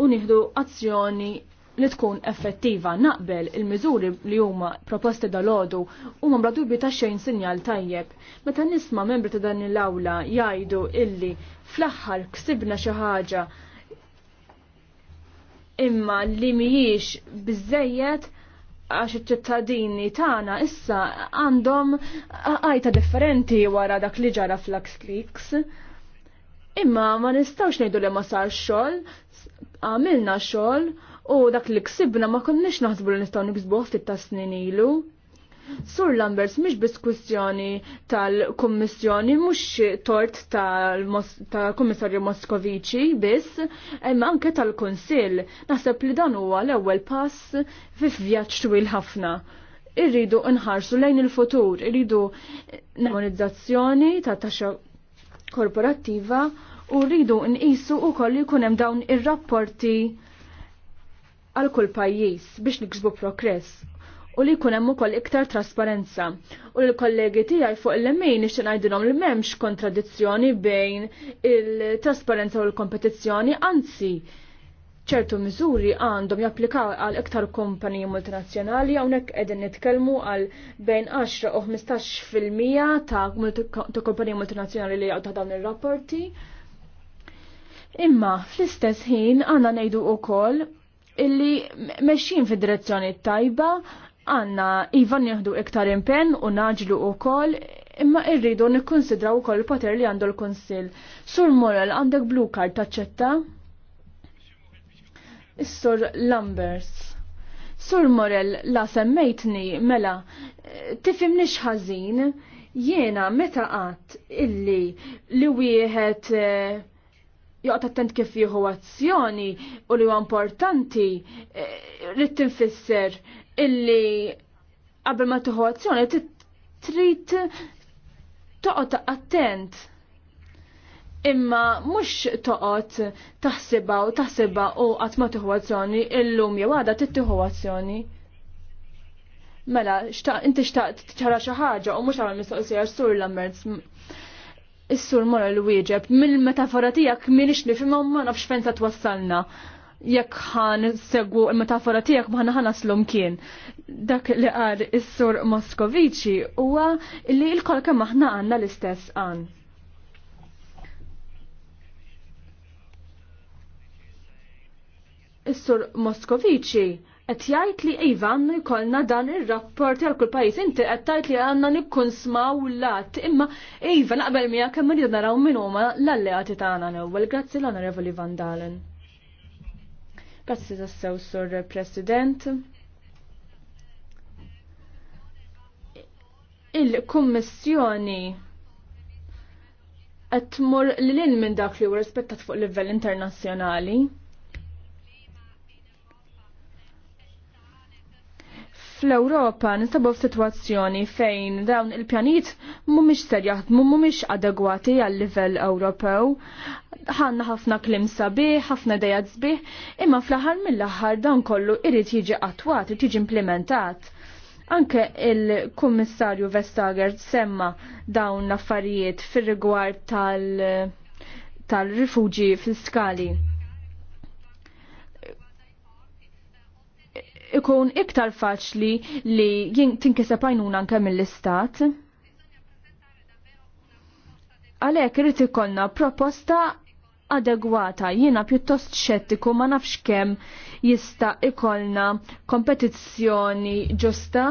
U nieħdu azzjoni li tkun effettiva naqbel il-miżuri li huma proposti dal-ħodu huma mbradubi ta' xejn sinjal tajjeb. Meta nisma' membri ta' dan il-awla jgħidu illi fl-aħħar ksibna xi ħaġa imma li mhijiex biżejjed għax iċ-ċittadini tagħna issa għandhom għajta differenti wara dak li ġara fl-Lux Imma ma nistgħux ngħidu li ma sar xogħol, għamilna xogħol, u dak li ksibna ma konniex naħsbu li nistgħu niksbu ftit ta' snin ilu. Sur Lambers mhix biss kwistjoni tal-Kummissjoni mhux tort tal-Kummissarju Moskovici biss, imma anke tal-Kunsill. Naħseb li dan huwa l-ewwel pass fi vjaġġ twil ħafna. Irridu nħarsu lejn il-futur, irridu nemonizzazzjoni ta' taxxa korporattiva u rridu nqisu wkoll jkun hemm dawn ir-rapporti għal kull pajjiż biex niksbu progress u li jkun hemm ukoll iktar trasparenza. U l-kollegi tiegħi fuq il-lemin nixtieq ngħidilhom li m'hemmx kontradizzjoni bejn il-trasparenza u l-kompetizzjoni, anzi ċertu miżuri għandhom japplikaw għal iktar kumpaniji multinazzjonali hawnhekk qegħdin nitkellmu għal bejn 10 u 15 fil-mija ta' kumpaniji multinazzjonali li jgħu ta' dawn ir-rapporti. Imma fl-istess ħin għandna ngħidu wkoll illi meċin fi direzzjoni tajba, għanna iva jihdu iktar impen u naġlu u kol, imma irridu u kol il-poter li għandu l-Konsil. Sur Morel, għandek blue card taċċetta? Is-Sur Lambers. Sur Morel, la semmejtni, mela, tifimni ħażin, jiena meta qatt illi li wieħed eh, joqgħod attent kif jieħu azzjoni u li huwa importanti eh, rrid tinfisser illi qabel ma tieħu azzjoni trid toqgħod attent imma mhux toqgħod taħsibha u taħsibha u qatt ma tieħu azzjoni illum jew għadha tittieħu azzjoni. Mela, inti xtaqt ċara xi ħaġa u mhux għamel mistoqsija sur l-ammerz Is-sur mora l wieġeb mill-metafora tiegħek minix nifhimhom ma nafx fejn se twassalna. Jekk ħan segwu il-metafora tiegħek ma ħana kien. Dak li qal is-sur Moskoviċi huwa li l-kol kemm aħna għandna l-istess għan. Is-sur Moskoviċi qed jgħid li iva għandna jkollna dan ir-rapport għal kull pajjiż. Inti qed tgħid li għandna nikkun smaw l-għat, imma iva naqbel miegħek kemm irid naraw min huma l-alleati tagħna l-ewwel. Grazzi l-Onorevoli Van Dalen. Grazzi tassew sur President. Il-Kummissjoni qed tmur lil minn dak li hu rispettat fuq livell internazzjonali. fl-Ewropa nistabu f'sitwazzjoni fejn dawn il pjanit mhumiex ser jaħdmu mhumiex adegwati għal livell Ewropew. Ħanna ħafna klim sabiħ, ħafna dejat sbieħ, imma fl-aħħar mill-aħħar dawn kollu irrit jiġi attwat, irid jiġi implementat. Anke il-Kummissarju Vestager semma dawn l-affarijiet fir-rigward tal- tal fiskali ikun iktar faċli li tinkiseb għajnuna anke mill-istat. Għalhekk irid ikollna proposta adegwata jiena pjuttost xettiku ma nafx kemm jista' ikollna kompetizzjoni ġusta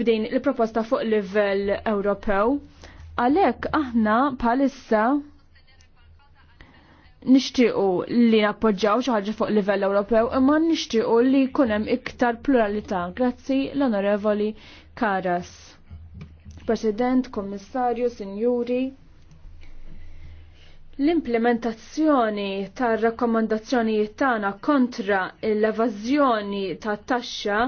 b'din il-proposta fuq livell Ewropew. Għalhekk aħna bħalissa nixtiequ li nappoġġaw xi ħaġa fuq livell Ewropew imma nixtiequ li jkun hemm iktar pluralità. Grazzi l-Onorevoli Karas. President, Kommissarju, Sinjuri. L-implementazzjoni tar-rakkomandazzjonijiet tagħna kontra l-evażjoni tat-taxxa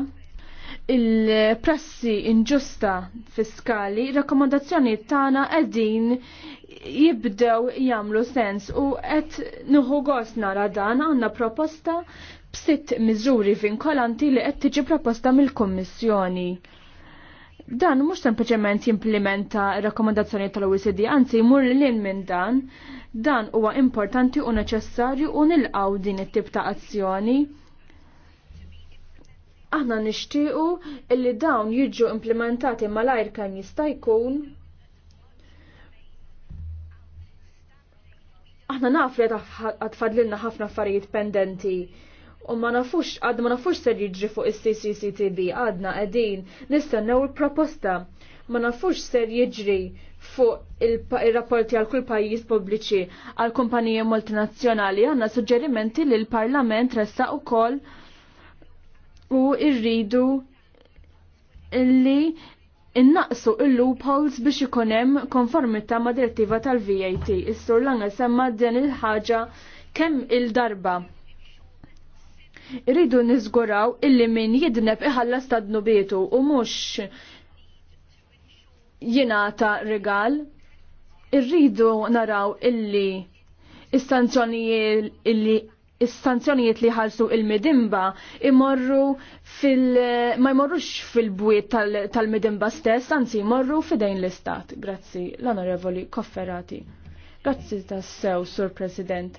il-prassi inġusta fiskali, rakkomandazzjoni tagħna qegħdin jibdew jamlu sens u qed nuħu gost nara dan għandna proposta b'sitt miżuri vinkolanti li qed tiġi proposta mill-Kummissjoni. Dan mhux sempliċement jimplementa rekomendazzjoni tal-OECD, anzi jmur lil minn dan. Dan huwa importanti u neċessarju u nilqaw din it-tip ta' azzjoni aħna nixtiequ illi dawn jiġu implementati malajr kemm jista' jkun aħna naf li għatfadlilna ħafna affarijiet pendenti u ma nafux, għad ma nafux ser jiġri fuq is-CCCTB, għadna għedin nistennew il-proposta, ma nafux ser jiġri fuq il-rapporti għal kull pajjiż pubbliċi għal kumpaniji multinazzjonali għanna suġġerimenti li l-Parlament resta u koll u irridu li innaqsu il-loopholes biex ikunem konformita ma' direttiva tal-VAT. Is-sur langa semma din il-ħaġa kemm il-darba. Irridu niżguraw illi min jidneb iħallas ta' dnubietu u mhux jingħata regal. Irridu naraw illi is illi is-sanzjonijiet li ħalsu il-midimba imorru fil- ma jmorrux fil-bwiet tal-midimba tal stess, anzi jmorru fidejn l-istat. Grazzi, l-onorevoli Kofferati. Grazzi tassew, Sur President.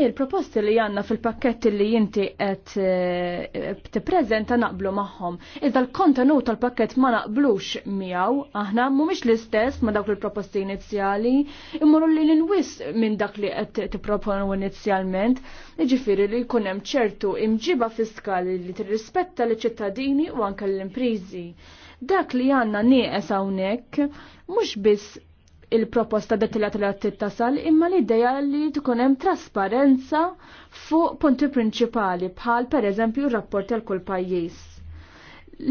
Il-proposti li għanna fil-pakketti li jinti għet eh, t-prezenta naqblu maħħom. Iżda l kontenu tal-pakket ma naqblux miaw, aħna mumiex l-istess ma dawk il-proposti inizjali, immorru li l-inwis minn dak li għet t-proponu inizjalment, iġifiri li kunem ċertu imġiba fiskali li t-rispetta li ċittadini u anka l-imprizi. Dak li għanna nieqes hawnhekk mhux biss il-proposta dettaljata li għattit tasal imma l-ideja li tkun hemm trasparenza fuq punti prinċipali bħal per eżempju rapport tal kull pajjiż.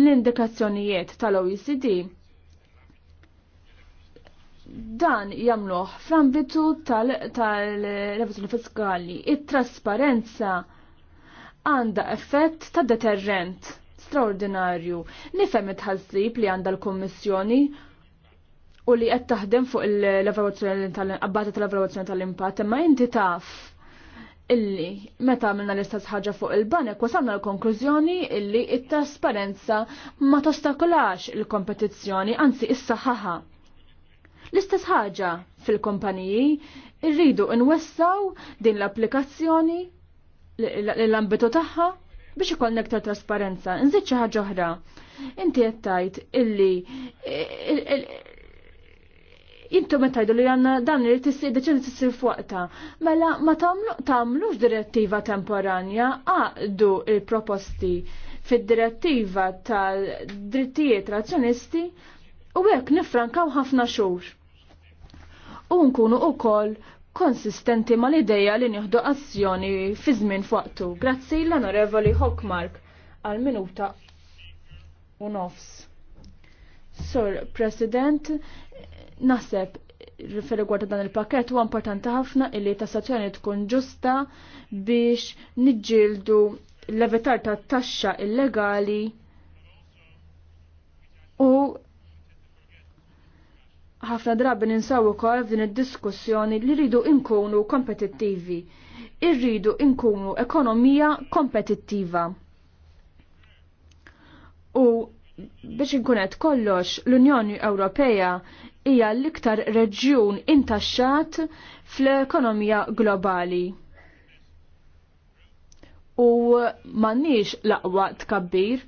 L-indikazzjonijiet tal-OECD dan jagħmluh fl-ambitu tal-revizjoni fiskali. It-trasparenza għandha effett ta' deterrent straordinarju. Nifhem it ħazzib li għandha l-Kummissjoni u li qed taħdem fuq l-evaluazzjoni tal-qabbata tal-evaluazzjoni tal-impatt, imma inti taf illi meta għamilna l-istess ħaġa fuq il-banek wasalna l-konklużjoni illi it-trasparenza ma tostakolax il-kompetizzjoni, anzi issa ħaha. L-istess ħaġa fil-kompaniji irridu nwessaw din l-applikazzjoni l-ambitu tagħha biex ikollna aktar trasparenza. Nżid xi ħaġa oħra. Inti qed tgħid illi Intom tajdu li għanna dan li tissi deċen tissi fuqta. Mela ma tamlux direttiva temporanja għaddu il-proposti fid-direttiva tal-drittijiet razzjonisti u hekk nifrankaw ħafna xhur. U nkunu ukoll konsistenti mal ideja li nieħdu azzjoni fi żmien fuqtu. Grazzi l-Onorevoli Hockmark għal minuta u nofs. Sur President, Naħseb fil-rigward dan il-pakket huwa importanti ħafna illi tassazzjoni tkun ġusta biex niġġieldu l-levitar ta' taxxa illegali u ħafna drabi ninsaw ukoll f'din id-diskussjoni li rridu nkunu kompetittivi. Irridu nkunu ekonomija kompetittiva. U biex inkunet kollox l-Unjoni Ewropea hija l-iktar reġjun intaxxat fl-ekonomija globali. U m'għandniex l-aqwa tkabbir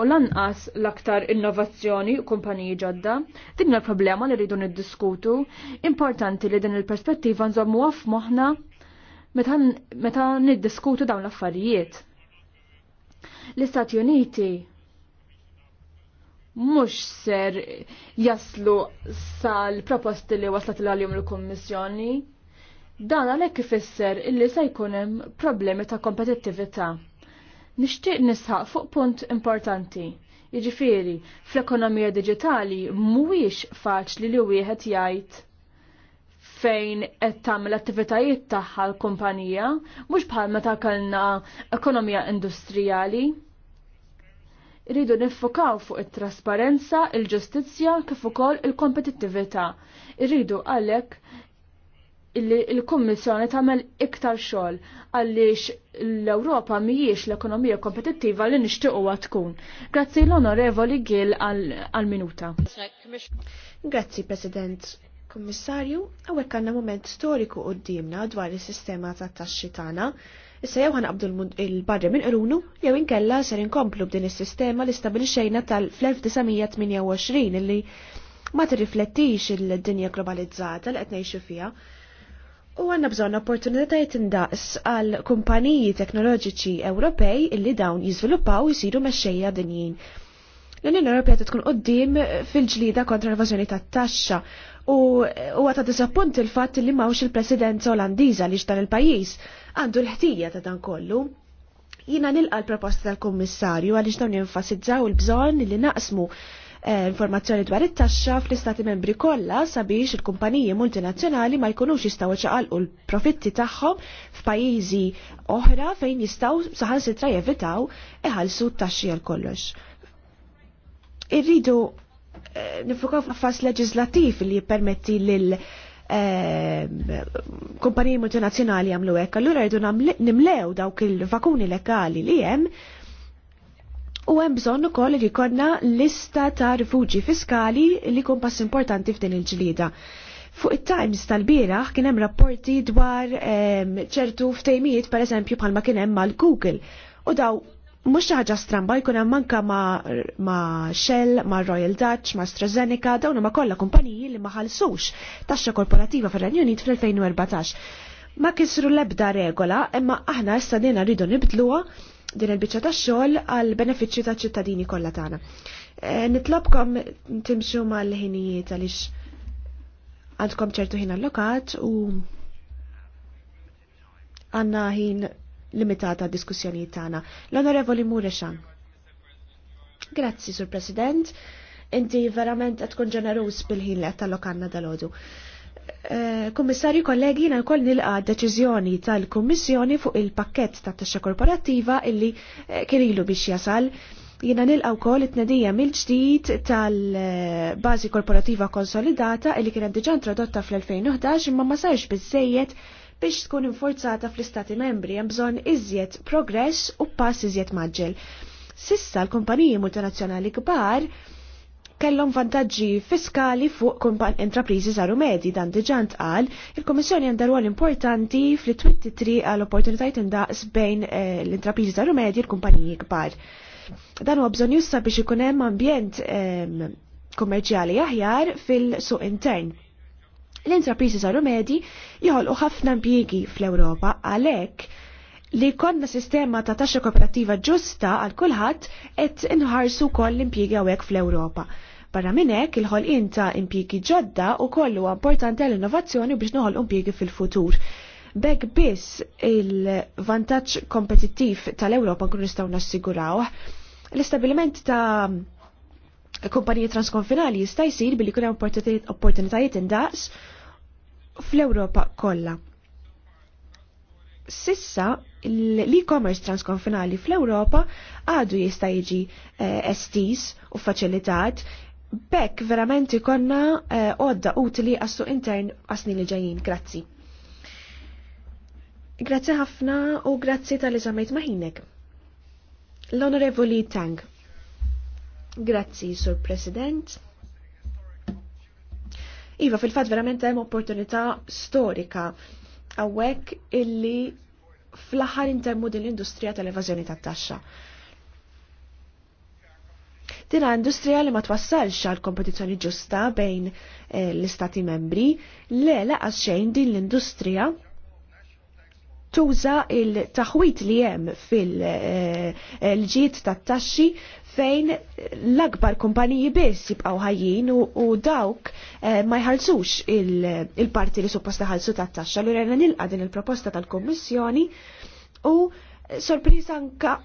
u lanqas l-aktar innovazzjoni u kumpaniji ġodda, din problema li rridu niddiskutu, importanti li din il-perspettiva nżommu għaf moħna meta niddiskutu dawn l-affarijiet. L-Istati Uniti mhux ser jaslu sal-proposti li waslet l-għaljum l-Kommissjoni. Dan għalhekk ifisser illi se jkun hemm problemi ta' kompetittività. Nixtieq nisħaq fuq punt importanti. Jiġifieri, fl-ekonomija digitali mhuwiex faċli li wieħed jgħid fejn qed tagħmel attivitajiet tagħha l-kumpanija, mhux bħal meta kellna ekonomija industrijali. Iridu niffokaw fuq it-trasparenza, il-ġustizzja kif ukoll il-kompetittività. Irridu għalhekk il-Kommissjoni tagħmel iktar xogħol għaliex l-Ewropa mhijiex l-ekonomija kompetittiva li nixtiequha tkun. Grazzi l-Onorevoli Gil għal-minuta. Grazzi President. Kommissarju, għawek għanna moment storiku għoddimna dwar is-sistema tat-taxxi tagħna Issa jew ħanqabdu l-barri minn Irunu jew inkella ser inkomplu b'din is-sistema li stabilixxejna tal-1928 illi ma tirriflettix il-dinja globalizzata li qed ngħixu fiha. U għanna bżon opportunitajiet indaqs għal kumpaniji teknoloġiċi Ewropej illi dawn jiżviluppaw jisiru mexxejja dinjin l-Unjoni Ewropea tkun qoddim fil-ġlida kontra l-evażjoni tat-taxxa u huwa ta' disappunt il-fatt li mawx il president Olandiża li dan il-pajjiż għandu l-ħtija ta' dan kollu. Jina nilqa l-proposta tal-Kommissarju għaliex dawn jenfasizzaw il-bżonn li naqsmu eh, informazzjoni dwar it-taxxa fl-istati membri kollha sabiex il-kumpaniji multinazzjonali ma jkunux jistgħu ċaqalqu l-profitti tagħhom f'pajjiżi oħra fejn jistgħu saħansitra jevitaw iħallsu t-taxxi għal kollox. Irridu eh, nifukaw f'affas leġislattiv li jippermetti lil Eh, kumpaniji multinazzjonali għamlu hekk, allura rridu nimlew dawk il-vakuni legali li hemm u hemm bżonn ukoll li jkollna lista ta' rifuġi fiskali li jkun pass importanti f'din il-ġlida. Fuq it-Times tal-bieraħ kien hemm rapporti dwar ehm, ċertu ftejmijiet pereżempju bħalma kien hemm mal-Google u daw mux ħaġa stramba jkun hemm manka ma, ma Shell, ma Royal Dutch, ma AstraZeneca, dawn ma kollha kumpaniji li ma ħalsux taxxa korporattiva fir-Renju Unit fl-2014. Ma kisru l-ebda regola, imma aħna issa dina rridu nibdluha din il-biċċa tax-xogħol għal benefiċċju taċ ċittadini kollha tagħna. E, Nitlobkom timxu mal-ħinijiet għaliex għandkom ċertu ħin allokat u għanna ħin limitata diskussjoni tagħna. L-Onorevoli Murexan. Grazzi, Sur President. Inti verament qed tkun ġeneruż bil-ħin li qed tallokanna dal-għodu. Eh, kummissarju kollegi, jina jkoll nilqa deċiżjoni tal-Kummissjoni fuq il-pakket ta' taxxa korporattiva illi eh, kien ilu biex jasal. Jina nilqa wkoll it-tnedija mill-ġdid tal-bażi korporattiva konsolidata illi kienet diġà introdotta fl-2011 imma ma sarx biżejjed biex tkun infurzata fl-istati membri hemm bżonn iżjed progress u pass iżjed maġġel. Sissa l-kumpaniji multinazzjonali kbar kellhom vantaġġi fiskali fuq intrapriżi żaru medji dan diġà ntqal, il-Kummissjoni għandha rwol importanti fl-twitti tri għal opportunitajiet indaqs bejn eh, l-intrapriżi żaru medji l kumpaniji kbar. Dan huwa bżonn jussa biex ikun hemm ambjent ehm, kummerċjali aħjar fil-suq intern l-intrapriżi saru medji joħolqu ħafna impjiegi fl-Ewropa għalhekk li konna sistema ta' taxxa kooperattiva ġusta għal kulħadd qed inħarsu wkoll l-impjiegi hawnhekk fl-Ewropa. Barra minn hekk il-ħolqien ta' impjiegi ġodda u kollu importanti għall innovazzjoni biex noħolqu impjiegi fil-futur. Bek biss il-vantaġġ kompetittiv tal-Ewropa nkunu nistgħu nassiguraw. L-istabiliment ta' kumpaniji transkonfinali jista' jsir billi jkun hemm opportunitajiet indaqs fl-Ewropa kollha. Sissa l-e-commerce transkonfinali fl-Ewropa għadu jista' jiġi eh, estis u faċilitat bekk verament ikonna eh, għodda utili għassu intern għasni li ġajin. Grazzi. Grazzi ħafna u grazzi tal izamajt maħinek. L-Onorevoli Tang. Grazzi, Sur President. Iva, fil-fat verament hemm opportunità storika għawek illi fl-aħħar intemmu din l-industrija tal-evażjoni tat-taxxa. Tina industrija li ma twassalx għal kompetizzjoni ġusta bejn eh, l-istati membri, le laqas xejn din l-industrija tuża il-taħwit li hemm fil-ġiet eh, tat-taxxi fejn l-akbar kumpaniji biss jibqaw ħajjin u dawk eh, ma jħalsux il-parti li supposta ħalsu tat-taxxa. Allura jena nilqa din il-proposta tal-Kommissjoni u sorpriż anka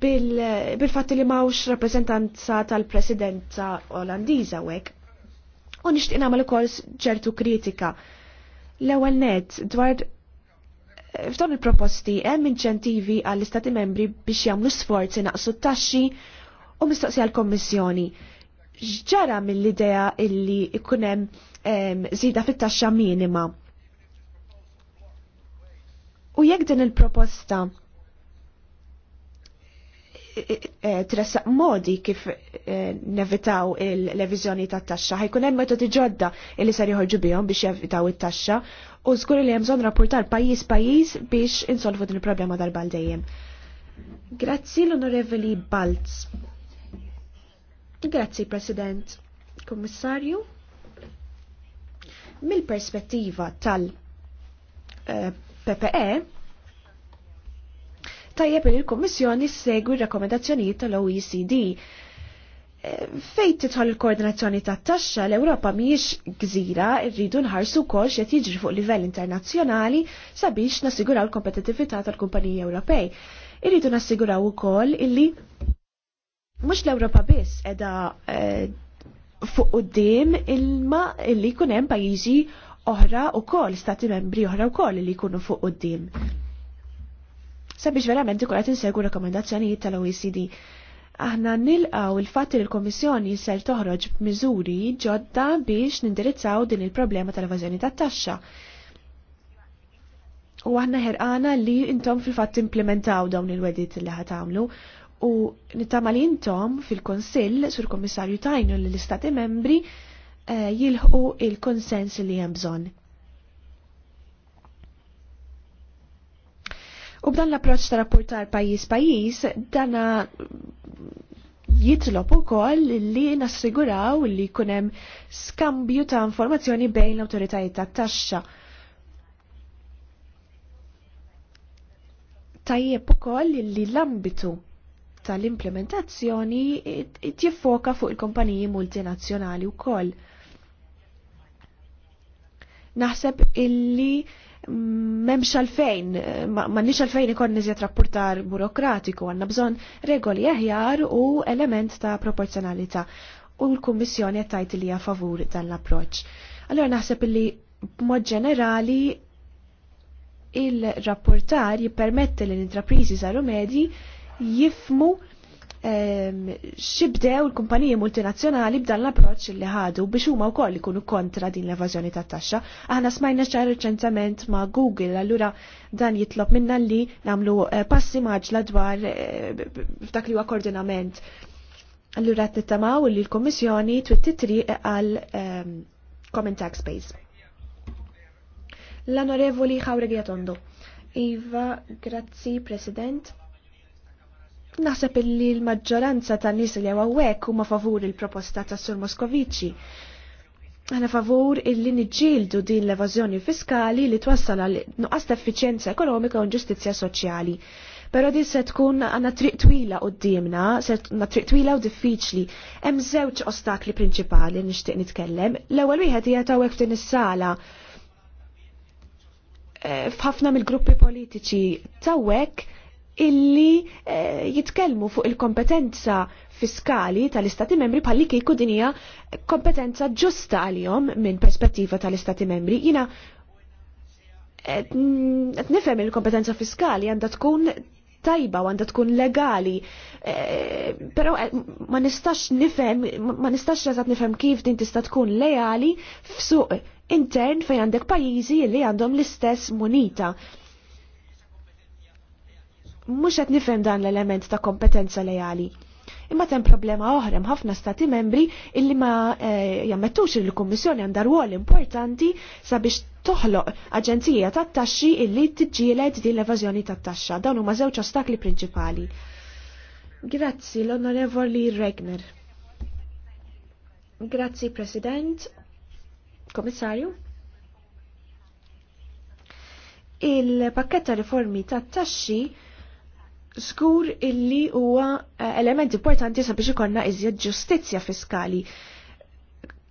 bil fatti li mawx rappresentanza tal-presidenza olandiza hekk. U nixtieq nagħmel ukoll ċertu kritika. L-ewwel net dwar F'dawn il-proposti hemm inċentivi għall-Istati membri biex jagħmlu sforzi naqsu t-taxxi u mistoqsija l-Kommissjoni. Ġara mill-idea illi ikun hemm żida fit-taxxa minima. U jekk din il-proposta Eh, tressaq modi kif eh, nevitaw il-levizjoni ta' taxxa. Ħajkun hemm metodi ġodda li ser joħorġu bihom biex jevitaw it-taxxa u żgur li hemm bżonn rapportar pajjiż pajjiż biex insolvu din il-problema darbal dejjem. Grazzi l-Onorevoli Balz. Grazzi President. Kommissarju. Mill-perspettiva tal- eh, PPE tajjeb li l-Kummissjoni segwi r-rakkomendazzjonijiet tal-OECD. E, Fejn titħol il-koordinazzjoni tat-taxxa l-Ewropa mhijiex gżira, rridu nħarsu wkoll x'qed jiġri fuq livell internazzjonali sabiex nassiguraw l-kompetittività tal-kumpaniji Ewropej. Irridu nassiguraw ukoll illi mhux l-Ewropa biss qiegħda e, fuq quddiem ilma illi jkun hemm pajjiżi oħra u kol, stati membri oħra u kol li jkunu fuq qoddim sabiex verament ikun qed insegu rakkomandazzjonijiet tal-OECD. Aħna nilqaw il-fatt li l-Kommissjoni ser toħroġ b'miżuri ġodda biex nindirizzaw din il-problema tal-evażjoni tat-taxxa. U aħna ħerqana li intom fil-fatt implementaw dawn il-wedit li ħatamlu u nittama li intom fil-Konsill sur Kommissarju tajnu l-Istati membri eh, jilħu il-konsens li hemm bżonn. U b'dan l-approċ ta' rapportar pajis pajis, dana jitlob ukoll li nassiguraw li kunem skambju ta' informazzjoni bejn l-autoritajiet ta' taxxa. Tajjeb ukoll li l-ambitu tal-implementazzjoni tjiffoka fuq il-kompaniji multinazzjonali wkoll. Naħseb illi memx għalfejn, ma nix għalfejn ikon nizjet rapportar burokratiku, għanna bżon regoli eħjar u element ta' proporzjonalità. U l-Kummissjoni għattajt li favur dan l-approċ. Allora naħseb li b'mod ġenerali il-rapportar jippermetti l-intraprizi zaru medji jifmu xibdew il kumpaniji multinazzjonali b'dan l-approċ li ħadu biex huma wkoll ikunu kontra din l-evażjoni tat-taxxa. Aħna smajna ċar riċentament ma' Google, allura dan jitlob minna li nagħmlu eh, passi maġla dwar f'dak eh, li huwa koordinament. Allura qed nittamaw li l-Kummissjoni twittitri għal Common Tax Base. L-Onorevoli Jauregui Tondo. Iva, grazzi President. Naħseb illi l-maġġoranza tan nies li għawek huma favur il-proposta ta' Sur Moskovici. Għana favur illi niġġieldu din l-evażjoni fiskali li twassal għal nuqqas ta' effiċjenza ekonomika u ġustizzja soċjali. Pero din se tkun għanna triq twila u d dimna se għanna triq twila u diffiċli. Hemm żewġ ostakli prinċipali nixtieq nitkellem. L-ewwel wieħed hija tawek f'din is-sala eh, f'ħafna mill-gruppi politiċi tawek illi e, jitkellmu fuq il-kompetenza fiskali tal-Istati membri palli kieku dinija kompetenza ġusta għal-jom minn perspettiva tal-Istati membri. Jina qed nifhem il-kompetenza fiskali għandha tkun tajba u għandha tkun legali. E, Però eh, ma nistax nifhem, ma nistax eżatt nifhem kif din tista' tkun leali f'suq intern fejn għandek pajjiżi li għandhom l-istess munita mhux qed nifhem dan l-element ta' kompetenza lejali. Imma tem problema oħra ħafna stati membri illi ma eh, jammettux li l-Kummissjoni għandha rwol importanti sabiex toħloq aġenzija tat-taxxi illi tiġġieled din l-evażjoni tat-taxxa. Dawn huma żewġ ostakli prinċipali. Grazzi l-Onorevoli Regner. Grazzi President. Komissarju? Il-pakketta riformi tat-taxxi skur illi huwa eh, element importanti sabiex ikonna iżjed ġustizzja fiskali.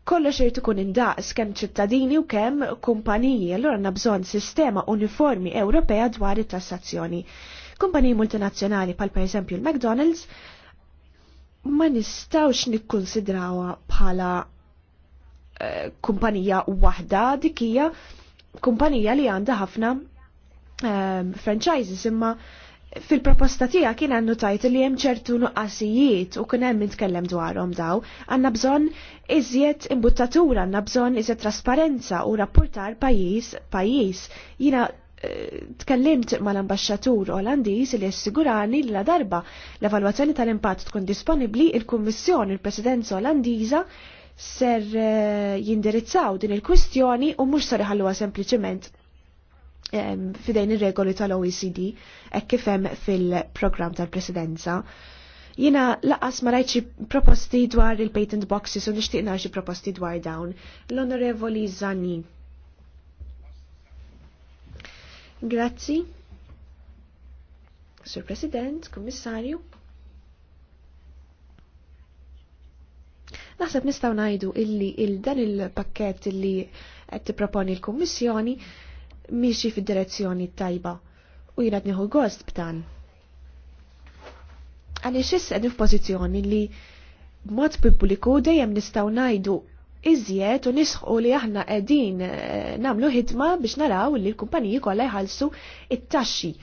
Kollox irid ikun indaqs kemm ċittadini u kemm kumpaniji, allura għandna bżonn sistema uniformi Ewropea dwar it-tassazzjoni. Kumpaniji multinazzjonali pal pereżempju l-McDonald's ma nistawx nikkonsidrawha bħala eh, kumpanija waħda dik hija kumpanija li għandha ħafna eh, franchises imma uh, fil-proposta tija kien għannu tajt li hemm ċertu nuqqasijiet u kien hemm nitkellem dwarhom daw, għandna bżonn iżjed imbuttatura, għandna bżonn iżjed trasparenza u rapportar pajjiż pajjiż. Jina eh, tkellimt mal-ambasċatur Olandiż li jessigurani li la darba l-evalwazzjoni tal-impatt tkun disponibbli il-Kummissjoni il-Presidenza Olandiża ser eh, jindirizzaw din il-kwistjoni u mhux sar iħalluha sempliċement fidejn ir-regoli tal-OECD hekk kif hemm fil program tal-Presidenza. Jina laqas ma rajċi proposti dwar il-patent boxes u nixtieq xi proposti dwar dawn. L-Onorevoli Zani. Grazzi. Sur President, Kommissarju. Naħseb nistgħu ngħidu illi il dan il-pakket illi qed tipproponi l-Kummissjoni il miexi fid-direzzjoni tajba u jina nieħu gost b'dan. Għaliex għedni f f'pożizzjoni li b'mod pubbliku dejjem nistgħu ngħidu iżjed u nisħu li aħna qegħdin eh, nagħmlu ħidma biex naraw li l-kumpaniji kollha jħallsu it-taxxi.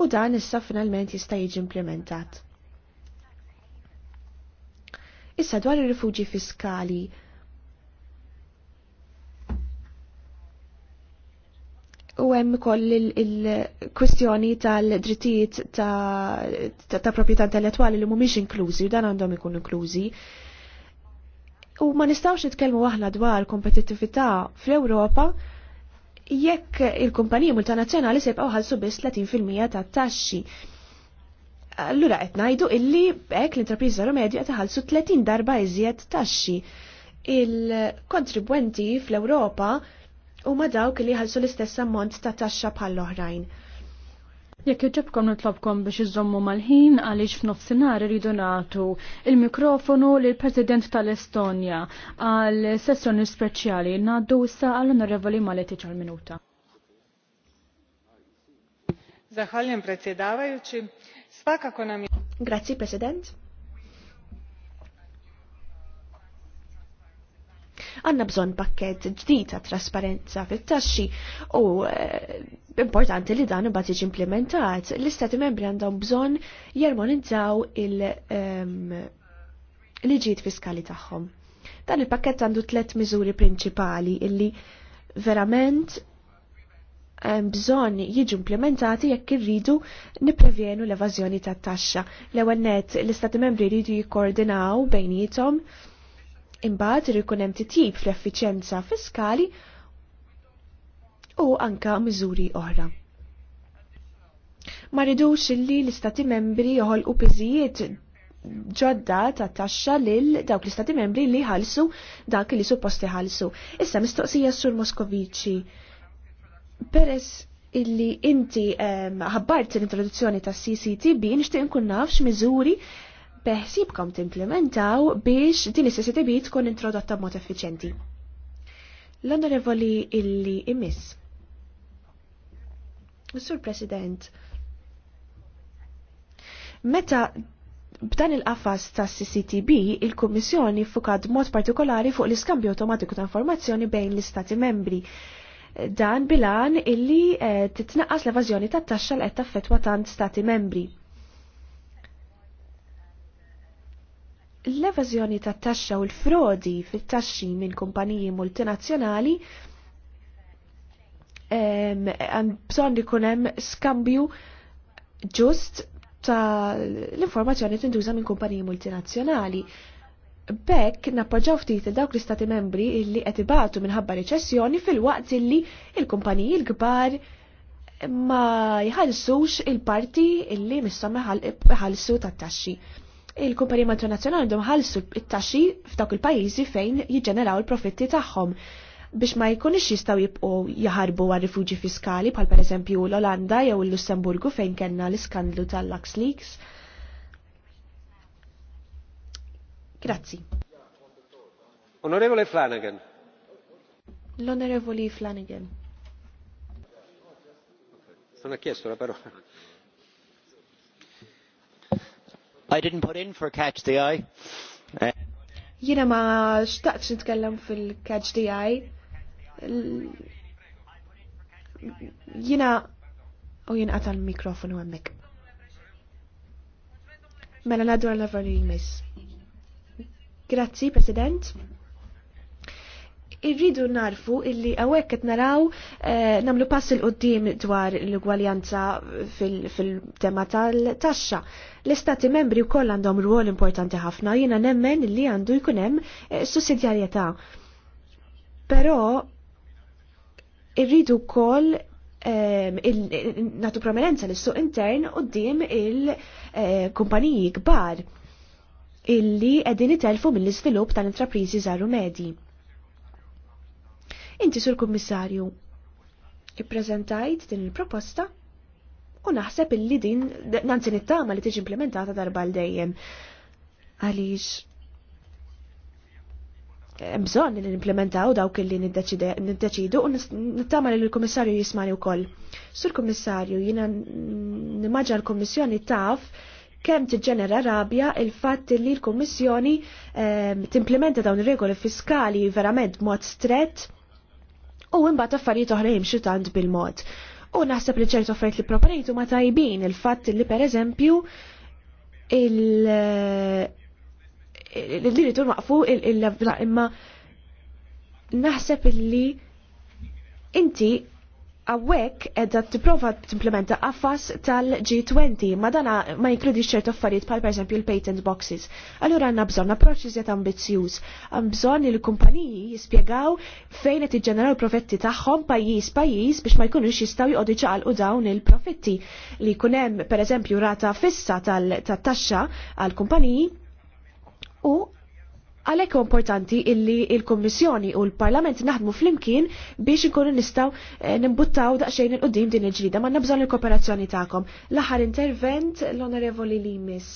U dan issa finalment jista' jiġi implementat. Issa dwar ir-rifuġi fiskali U hemm ukoll il-kwistjoni tal-drittijiet ta' proprjetà intellettwali li mhumiex inklużi u dan għandhom ikun inklużi. U ma nistgħux nitkellmu aħna dwar kompetittività fl-Ewropa jekk il-kumpaniji multinazzjonali se jibqgħu ħalsu biss 30% tat-taxxi. Allura qed ngħidu illi hekk l-intrapriża żaru taħalsu qed iħallsu 30 darba iżjed taxxi. Il-kontribwenti fl-Ewropa u ma dawk li ħalsu l-istess ammont ta' taxxa bħall oħrajn Jekk iġebkom nitlobkom biex iżommu mal-ħin għaliex f'nofsinhar iridu nagħtu il-mikrofonu lil President tal-Estonja għal sessjoni speċjali ngħaddu issa għall onorevoli Maleti ċar minuta. Zahvaljujem predsjedavajući. svaka konami. Grazie, President. Għanna bżon pakket ġdita trasparenza fit-taxxi u eh, importanti li dan imbagħad jiġi implementat. L-Istati membri għandhom bżon jermonizzaw il-liġijiet ehm, fiskali tagħhom. Dan il-pakket għandu tlet miżuri prinċipali illi verament ehm, bżon jiġu implementati jekk irridu niprevjenu l-evażjoni tat-taxxa. L-ewwel net l-Istati Membri jridu jikkoordinaw bejnietom Imbagħad irid ikun hemm titjib fl-effiċjenza fiskali u anka miżuri oħra. Ma ridux li l-istati membri joħolqu piżijiet ġodda ta' taxxa lil dawk l-istati membri li ħalsu dak li supposti ħalsu. Issa mistoqsija sur Moskovici. Peress illi inti ehm, ħabbart l-introduzzjoni ta' CCTB nixtieq nkun nafx miżuri beħsibkom timplementaw biex din is-CCTV tkun introdotta b'mod effiċenti. L-onorevoli illi imiss. Sur President, meta b'dan il-qafas ta' CCTB, il-Kummissjoni fukad mod partikolari fuq l-iskambju automatiku ta' informazzjoni bejn l-Istati membri dan bilan illi eh, titnaqqas l-evażjoni tat-taxxa l qed taffettwa tant stati membri. l-evażjoni tat taxxa u l-frodi fit-taxxi minn kumpaniji multinazzjonali bżonn bżon li kunem skambju ġust ta' l-informazzjoni tinduża minn kumpaniji multinazzjonali. Bekk nappoġġaw ftit dawk l-istati membri illi qed ibatu minħabba riċessjoni fil-waqt illi l kumpaniji l-kbar ma jħallsux il-parti illi missa ħallsu tat-taxxi il-kumpaniji multinazzjonali għandhom ħalsu it-taxxi f'dawk il-pajjiżi fejn jiġġeneraw il-profitti tagħhom biex ma jkunx jistgħu jibqgħu jaħarbu għal rifuġi fiskali bħal pereżempju l-Olanda jew il-Lussemburgu fejn kellna l-iskandlu tal-Lux Leaks. Grazzi. Onorevole Flanagan. L'onorevole Flanagan. Non ha chiesto la parola. I didn't put in for catch the eye. Jiena ma xtaqx nitkellem fil-catch the eye. Jiena u jien qatal mikrofonu hemmhekk. Mela ngħaddu għal-level Miss. Grazzi, President irridu narfu illi għawek qed naraw eh, namlu pass il qoddim dwar l-ugwaljanza fil-tema fil tal-taxxa. L-istati membri wkoll għandhom rwol importanti ħafna jiena nemmen li għandu jkun hemm eh, sussidjarjetà. Però irridu wkoll ehm, natu prominenza l-suq intern d-dim il-kumpaniji eh, kbar illi qegħdin itelfu mill-iżvilupp tal intraprizi żaru medji. Inti sur kummissarju ippreżentajt din il-proposta u naħseb illi din it nittama li tiġi implementata darba l dejjem għaliex bżonn li nimplementaw dawk li niddeċidu u nittama li l-Komissarju jismani wkoll. Sur Komissarju jiena maġa l-Komissjoni taf kemm tiġġenera rabja il-fatt li l-Komissjoni ehm, timplementa dawn ir-regoli fiskali verament mod strett u mbagħad affarijiet oħra jimxu tant bil-mod. U naħseb li ċertu affarijiet li proponejtu ma tajbin il-fatt li pereżempju il- li rritu maqfu imma naħseb illi inti Awek edda t-prova t-implementa għaffas tal-G20, ma dana ma jinkludi xċert affarijiet pal per esempio il-patent boxes. Allura għanna bżon approċċi zjet ambizzjuż, għan bżon il kumpaniji jispiegaw fejn qed iġġeneraw profetti tagħhom pajjiż pajjiż biex ma jkunux jistgħu jqogħdu ċaqalqu dawn il-profetti li jkun hemm per eżempju rata fissa tal-taxxa għal kumpaniji u għalek importanti illi il-Kommissjoni u l-Parlament naħdmu fl-imkien biex ikunu nistaw eh, nimbuttaw daqxejn il-qoddim din il-ġrida. Ma nabżon il-kooperazzjoni ta'kom. L-aħħar intervent l-Onorevoli Limis.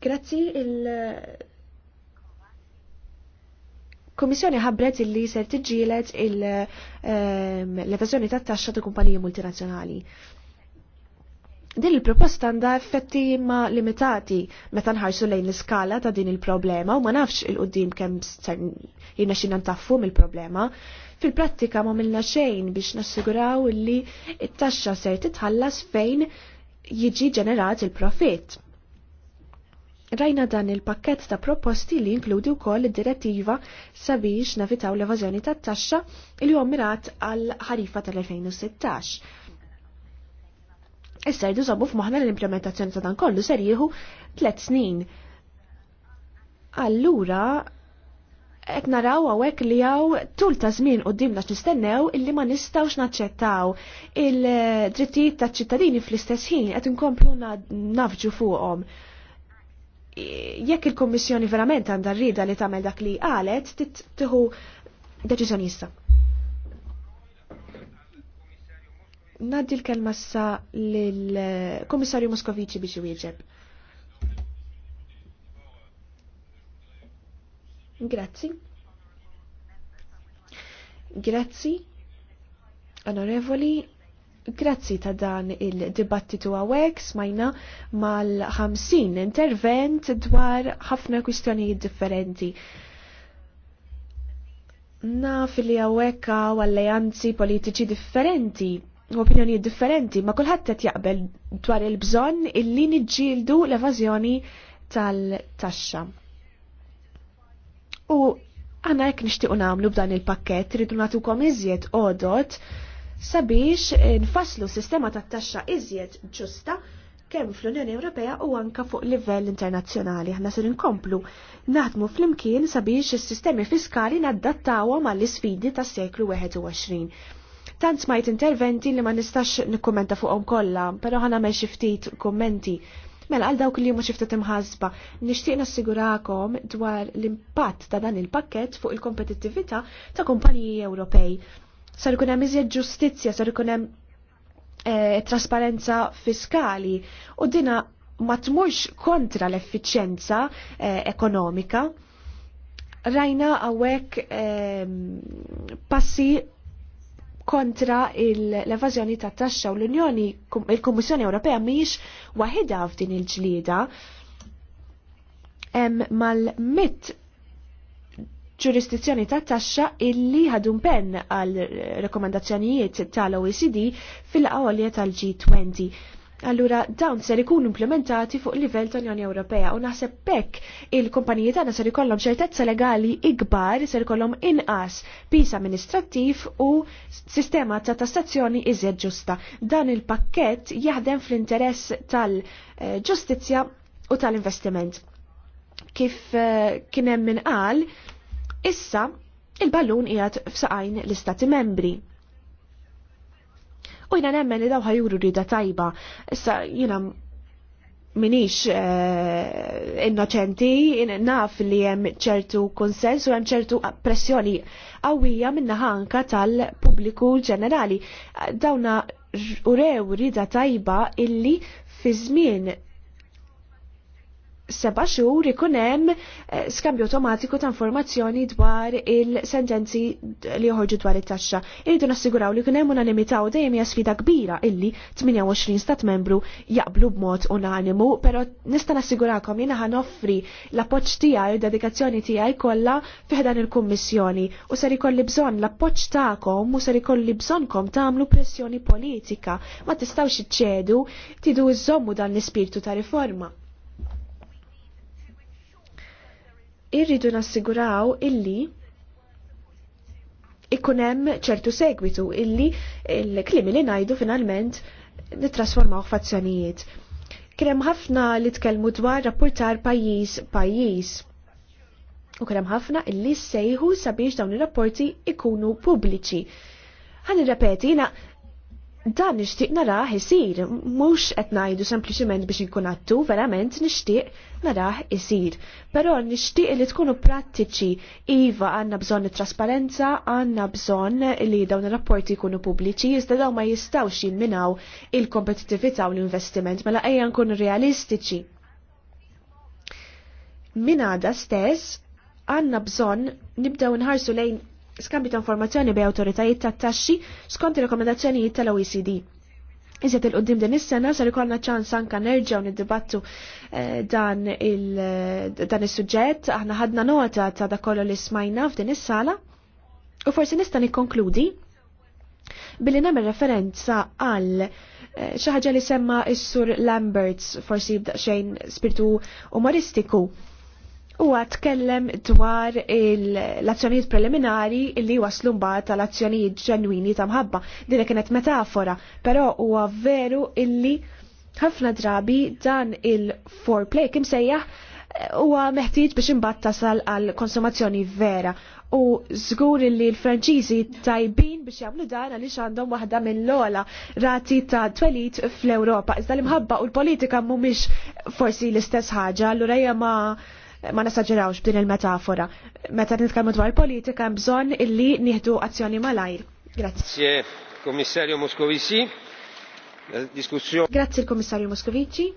Grazzi il- Kommissjoni ħabbret illi ser tiġġielet il-evazjoni ehm, tat-taxxa ta' kumpaniji multinazzjonali. Din il-proposta għandha effetti ma limitati meta nħarsu lejn l-iskala ta' din il-problema u ma nafx il-qoddim kemm jina xina ntaffu mill-problema. Fil-prattika ma milna xejn biex nassiguraw li it-taxxa ser titħallas fejn jiġi ġenerat il-profit. Rajna dan il-pakket ta' proposti li inkludi wkoll id-direttiva sabiex navitaw l-evażjoni tat-taxxa li huwa mirat għal ħarifa tal-2016 Issa jdu żommu f'maħna l-implementazzjoni ta' dan kollu ser jieħu tliet snin. Allura qed naraw hawnhekk li hawn tul ta' żmien qudiemna x'nistennew illi ma nistgħux naċċettaw il-drittijiet taċ-ċittadini fl-istess ħin qed inkomplu nafġu fuqhom jekk il-Kommissjoni verament għandha rrida li tagħmel dak li qalet tittieħu deċiżjonista. Naddi l-kelma sa l-Komissarju Moskovici biex jwieġeb. Grazzi. Grazzi, onorevoli, grazzi ta' dan il-dibattitu għawek smajna mal-50 intervent dwar ħafna kwistjonijiet differenti naf li għawekka għallajanzi politiċi differenti, u opinjonijiet differenti, ma kulħadd qed jaqbel dwar il-bżonn illi niġġieldu l-evażjoni tal-taxxa. U għana jekk nixtiequ nagħmlu b'dan il-pakkett rridu nagħtukom iżjed għodot sabiex nfasslu sistema tat-taxxa iżjed ġusta kemm fl-Unjoni Ewropea u anka fuq livell internazzjonali. Aħna se inkomplu naħdmu flimkien sabiex is-sistemi fiskali naddattawhom għall isfidi tas-seklu 21. Tant smajt interventi li ma nistax nikkumenta fuqhom kollha, però ħana xi ftit kummenti. Mela għal dawk li ma ftit imħasba, nixtieq nassigurakom dwar l-impatt ta' dan il-pakket fuq il-kompetittività ta' kumpaniji Ewropej. Sar ikun hemm iżjed ġustizzja, sar ikun hemm eh, trasparenza fiskali u dina ma tmurx kontra l-effiċenza eh, ekonomika. Rajna għawek eh, passi kontra l-evażjoni tat taxxa u l-Unjoni il-Kummissjoni Ewropea mhijiex waħedha f'din il-ġlieda. mal-mitt ġurisdizzjoni ta' taxxa illi ħadun pen għal rekomendazzjonijiet tal-OECD fil-qawolja tal-G20. Allura dawn ser ikun implementati fuq livell tal Unjoni Ewropea u naħseb hekk il-kumpaniji tagħna ser ikollhom ċertezza legali ikbar, ser ikollhom inqas pis amministrattiv u sistema ta' tassazzjoni iżjed ġusta. Dan il-pakkett jaħdem fl-interess tal-ġustizzja u tal-investiment. Kif eh, kien hemm min qal, issa il-ballun qiegħed f'saqajn l-istati membri u jina nemmen li daw juru rida tajba. Issa jina minix eh, innoċenti, naf li hemm ċertu konsens u hemm ċertu pressjoni qawwija minna ħanka tal-pubbliku ġenerali. Dawna u rew rida tajba illi fi żmien seba xur ikun hemm eh, skambju automatiku ta' informazzjoni dwar il-sentenzi li joħorġu dwar it-taxxa. Iridu nassiguraw li kun hemm unanimità u dejjem hija sfida kbira illi 28 stat membru jaqblu b'mod unanimu, però nista' nassigurakom jiena ħan offri l-appoġġ tiegħi u dedikazzjoni tiegħi kollha fiħdan il-Kummissjoni u ser ikolli bżonn l-appoġġ tagħkom u ser ikolli bżonnkom tagħmlu pressjoni politika ma tistgħux iċċedu tidu iżommu dan l-ispirtu ta' riforma. irridu nassiguraw illi ikunem ċertu segwitu illi il-klimi li najdu finalment nitrasformaw f'azzjonijiet. Krem ħafna li tkellmu dwar rapportar pajis pajis. U krem ħafna illi sejħu sabiex dawn ir-rapporti ikunu pubbliċi. Ħan repeti, dan nixtieq narah isir, mhux qed ngħidu sempliċiment biex inkun attu, verament nixtieq narah isir. Però nixtieq li tkunu prattiċi, iva għandna bżonn trasparenza, għandna bżonn li dawn ir-rapporti jkunu pubbliċi, iżda dawn ma jistgħux jimminaw il-kompetittività u l-investiment, mela ejja nkunu realistiċi. Min għada stess għandna bżonn nibdew nħarsu lejn skambju ta' informazzjoni bej autoritajiet ta' taxxi skont ir-rekomendazzjonijiet tal-OECD. Iżjed il-qoddim din is-sena sar ikollna ċans anka nerġgħu niddibattu eh, dan is-suġġett, aħna ħadna nota ta' dak kollu li smajna f'din is-sala. U forsi nista' nikkonkludi billi nagħmel referenza għal eh, xi ħaġa li semma s-sur Lamberts forsi xejn spiritu umoristiku u għatkellem dwar l-azzjonijiet preliminari li waslu mbagħad tal-azzjonijiet ġenwini ta' mħabba. Din kienet metafora, però huwa veru illi ħafna drabi dan il-foreplay kim sejjaħ eh, huwa meħtieġ biex imbagħad tasal għal konsumazzjoni vera u żgur li l-Franċiżi tajbin biex jagħmlu dan għaliex għandhom waħda l ola rati ta' twelit fl-Ewropa. Iżda l-imħabba u l-politika mhumiex forsi l-istess ħaġa, allura hija ma' ma nasaġerawx b'din il-metafora. Meta nitkellmu dwar politika hemm bżonn illi nieħdu azzjoni malajr. Grazie. Grazie, Kommissarju Moscovici. Grazie il Kommissarju Moscovici.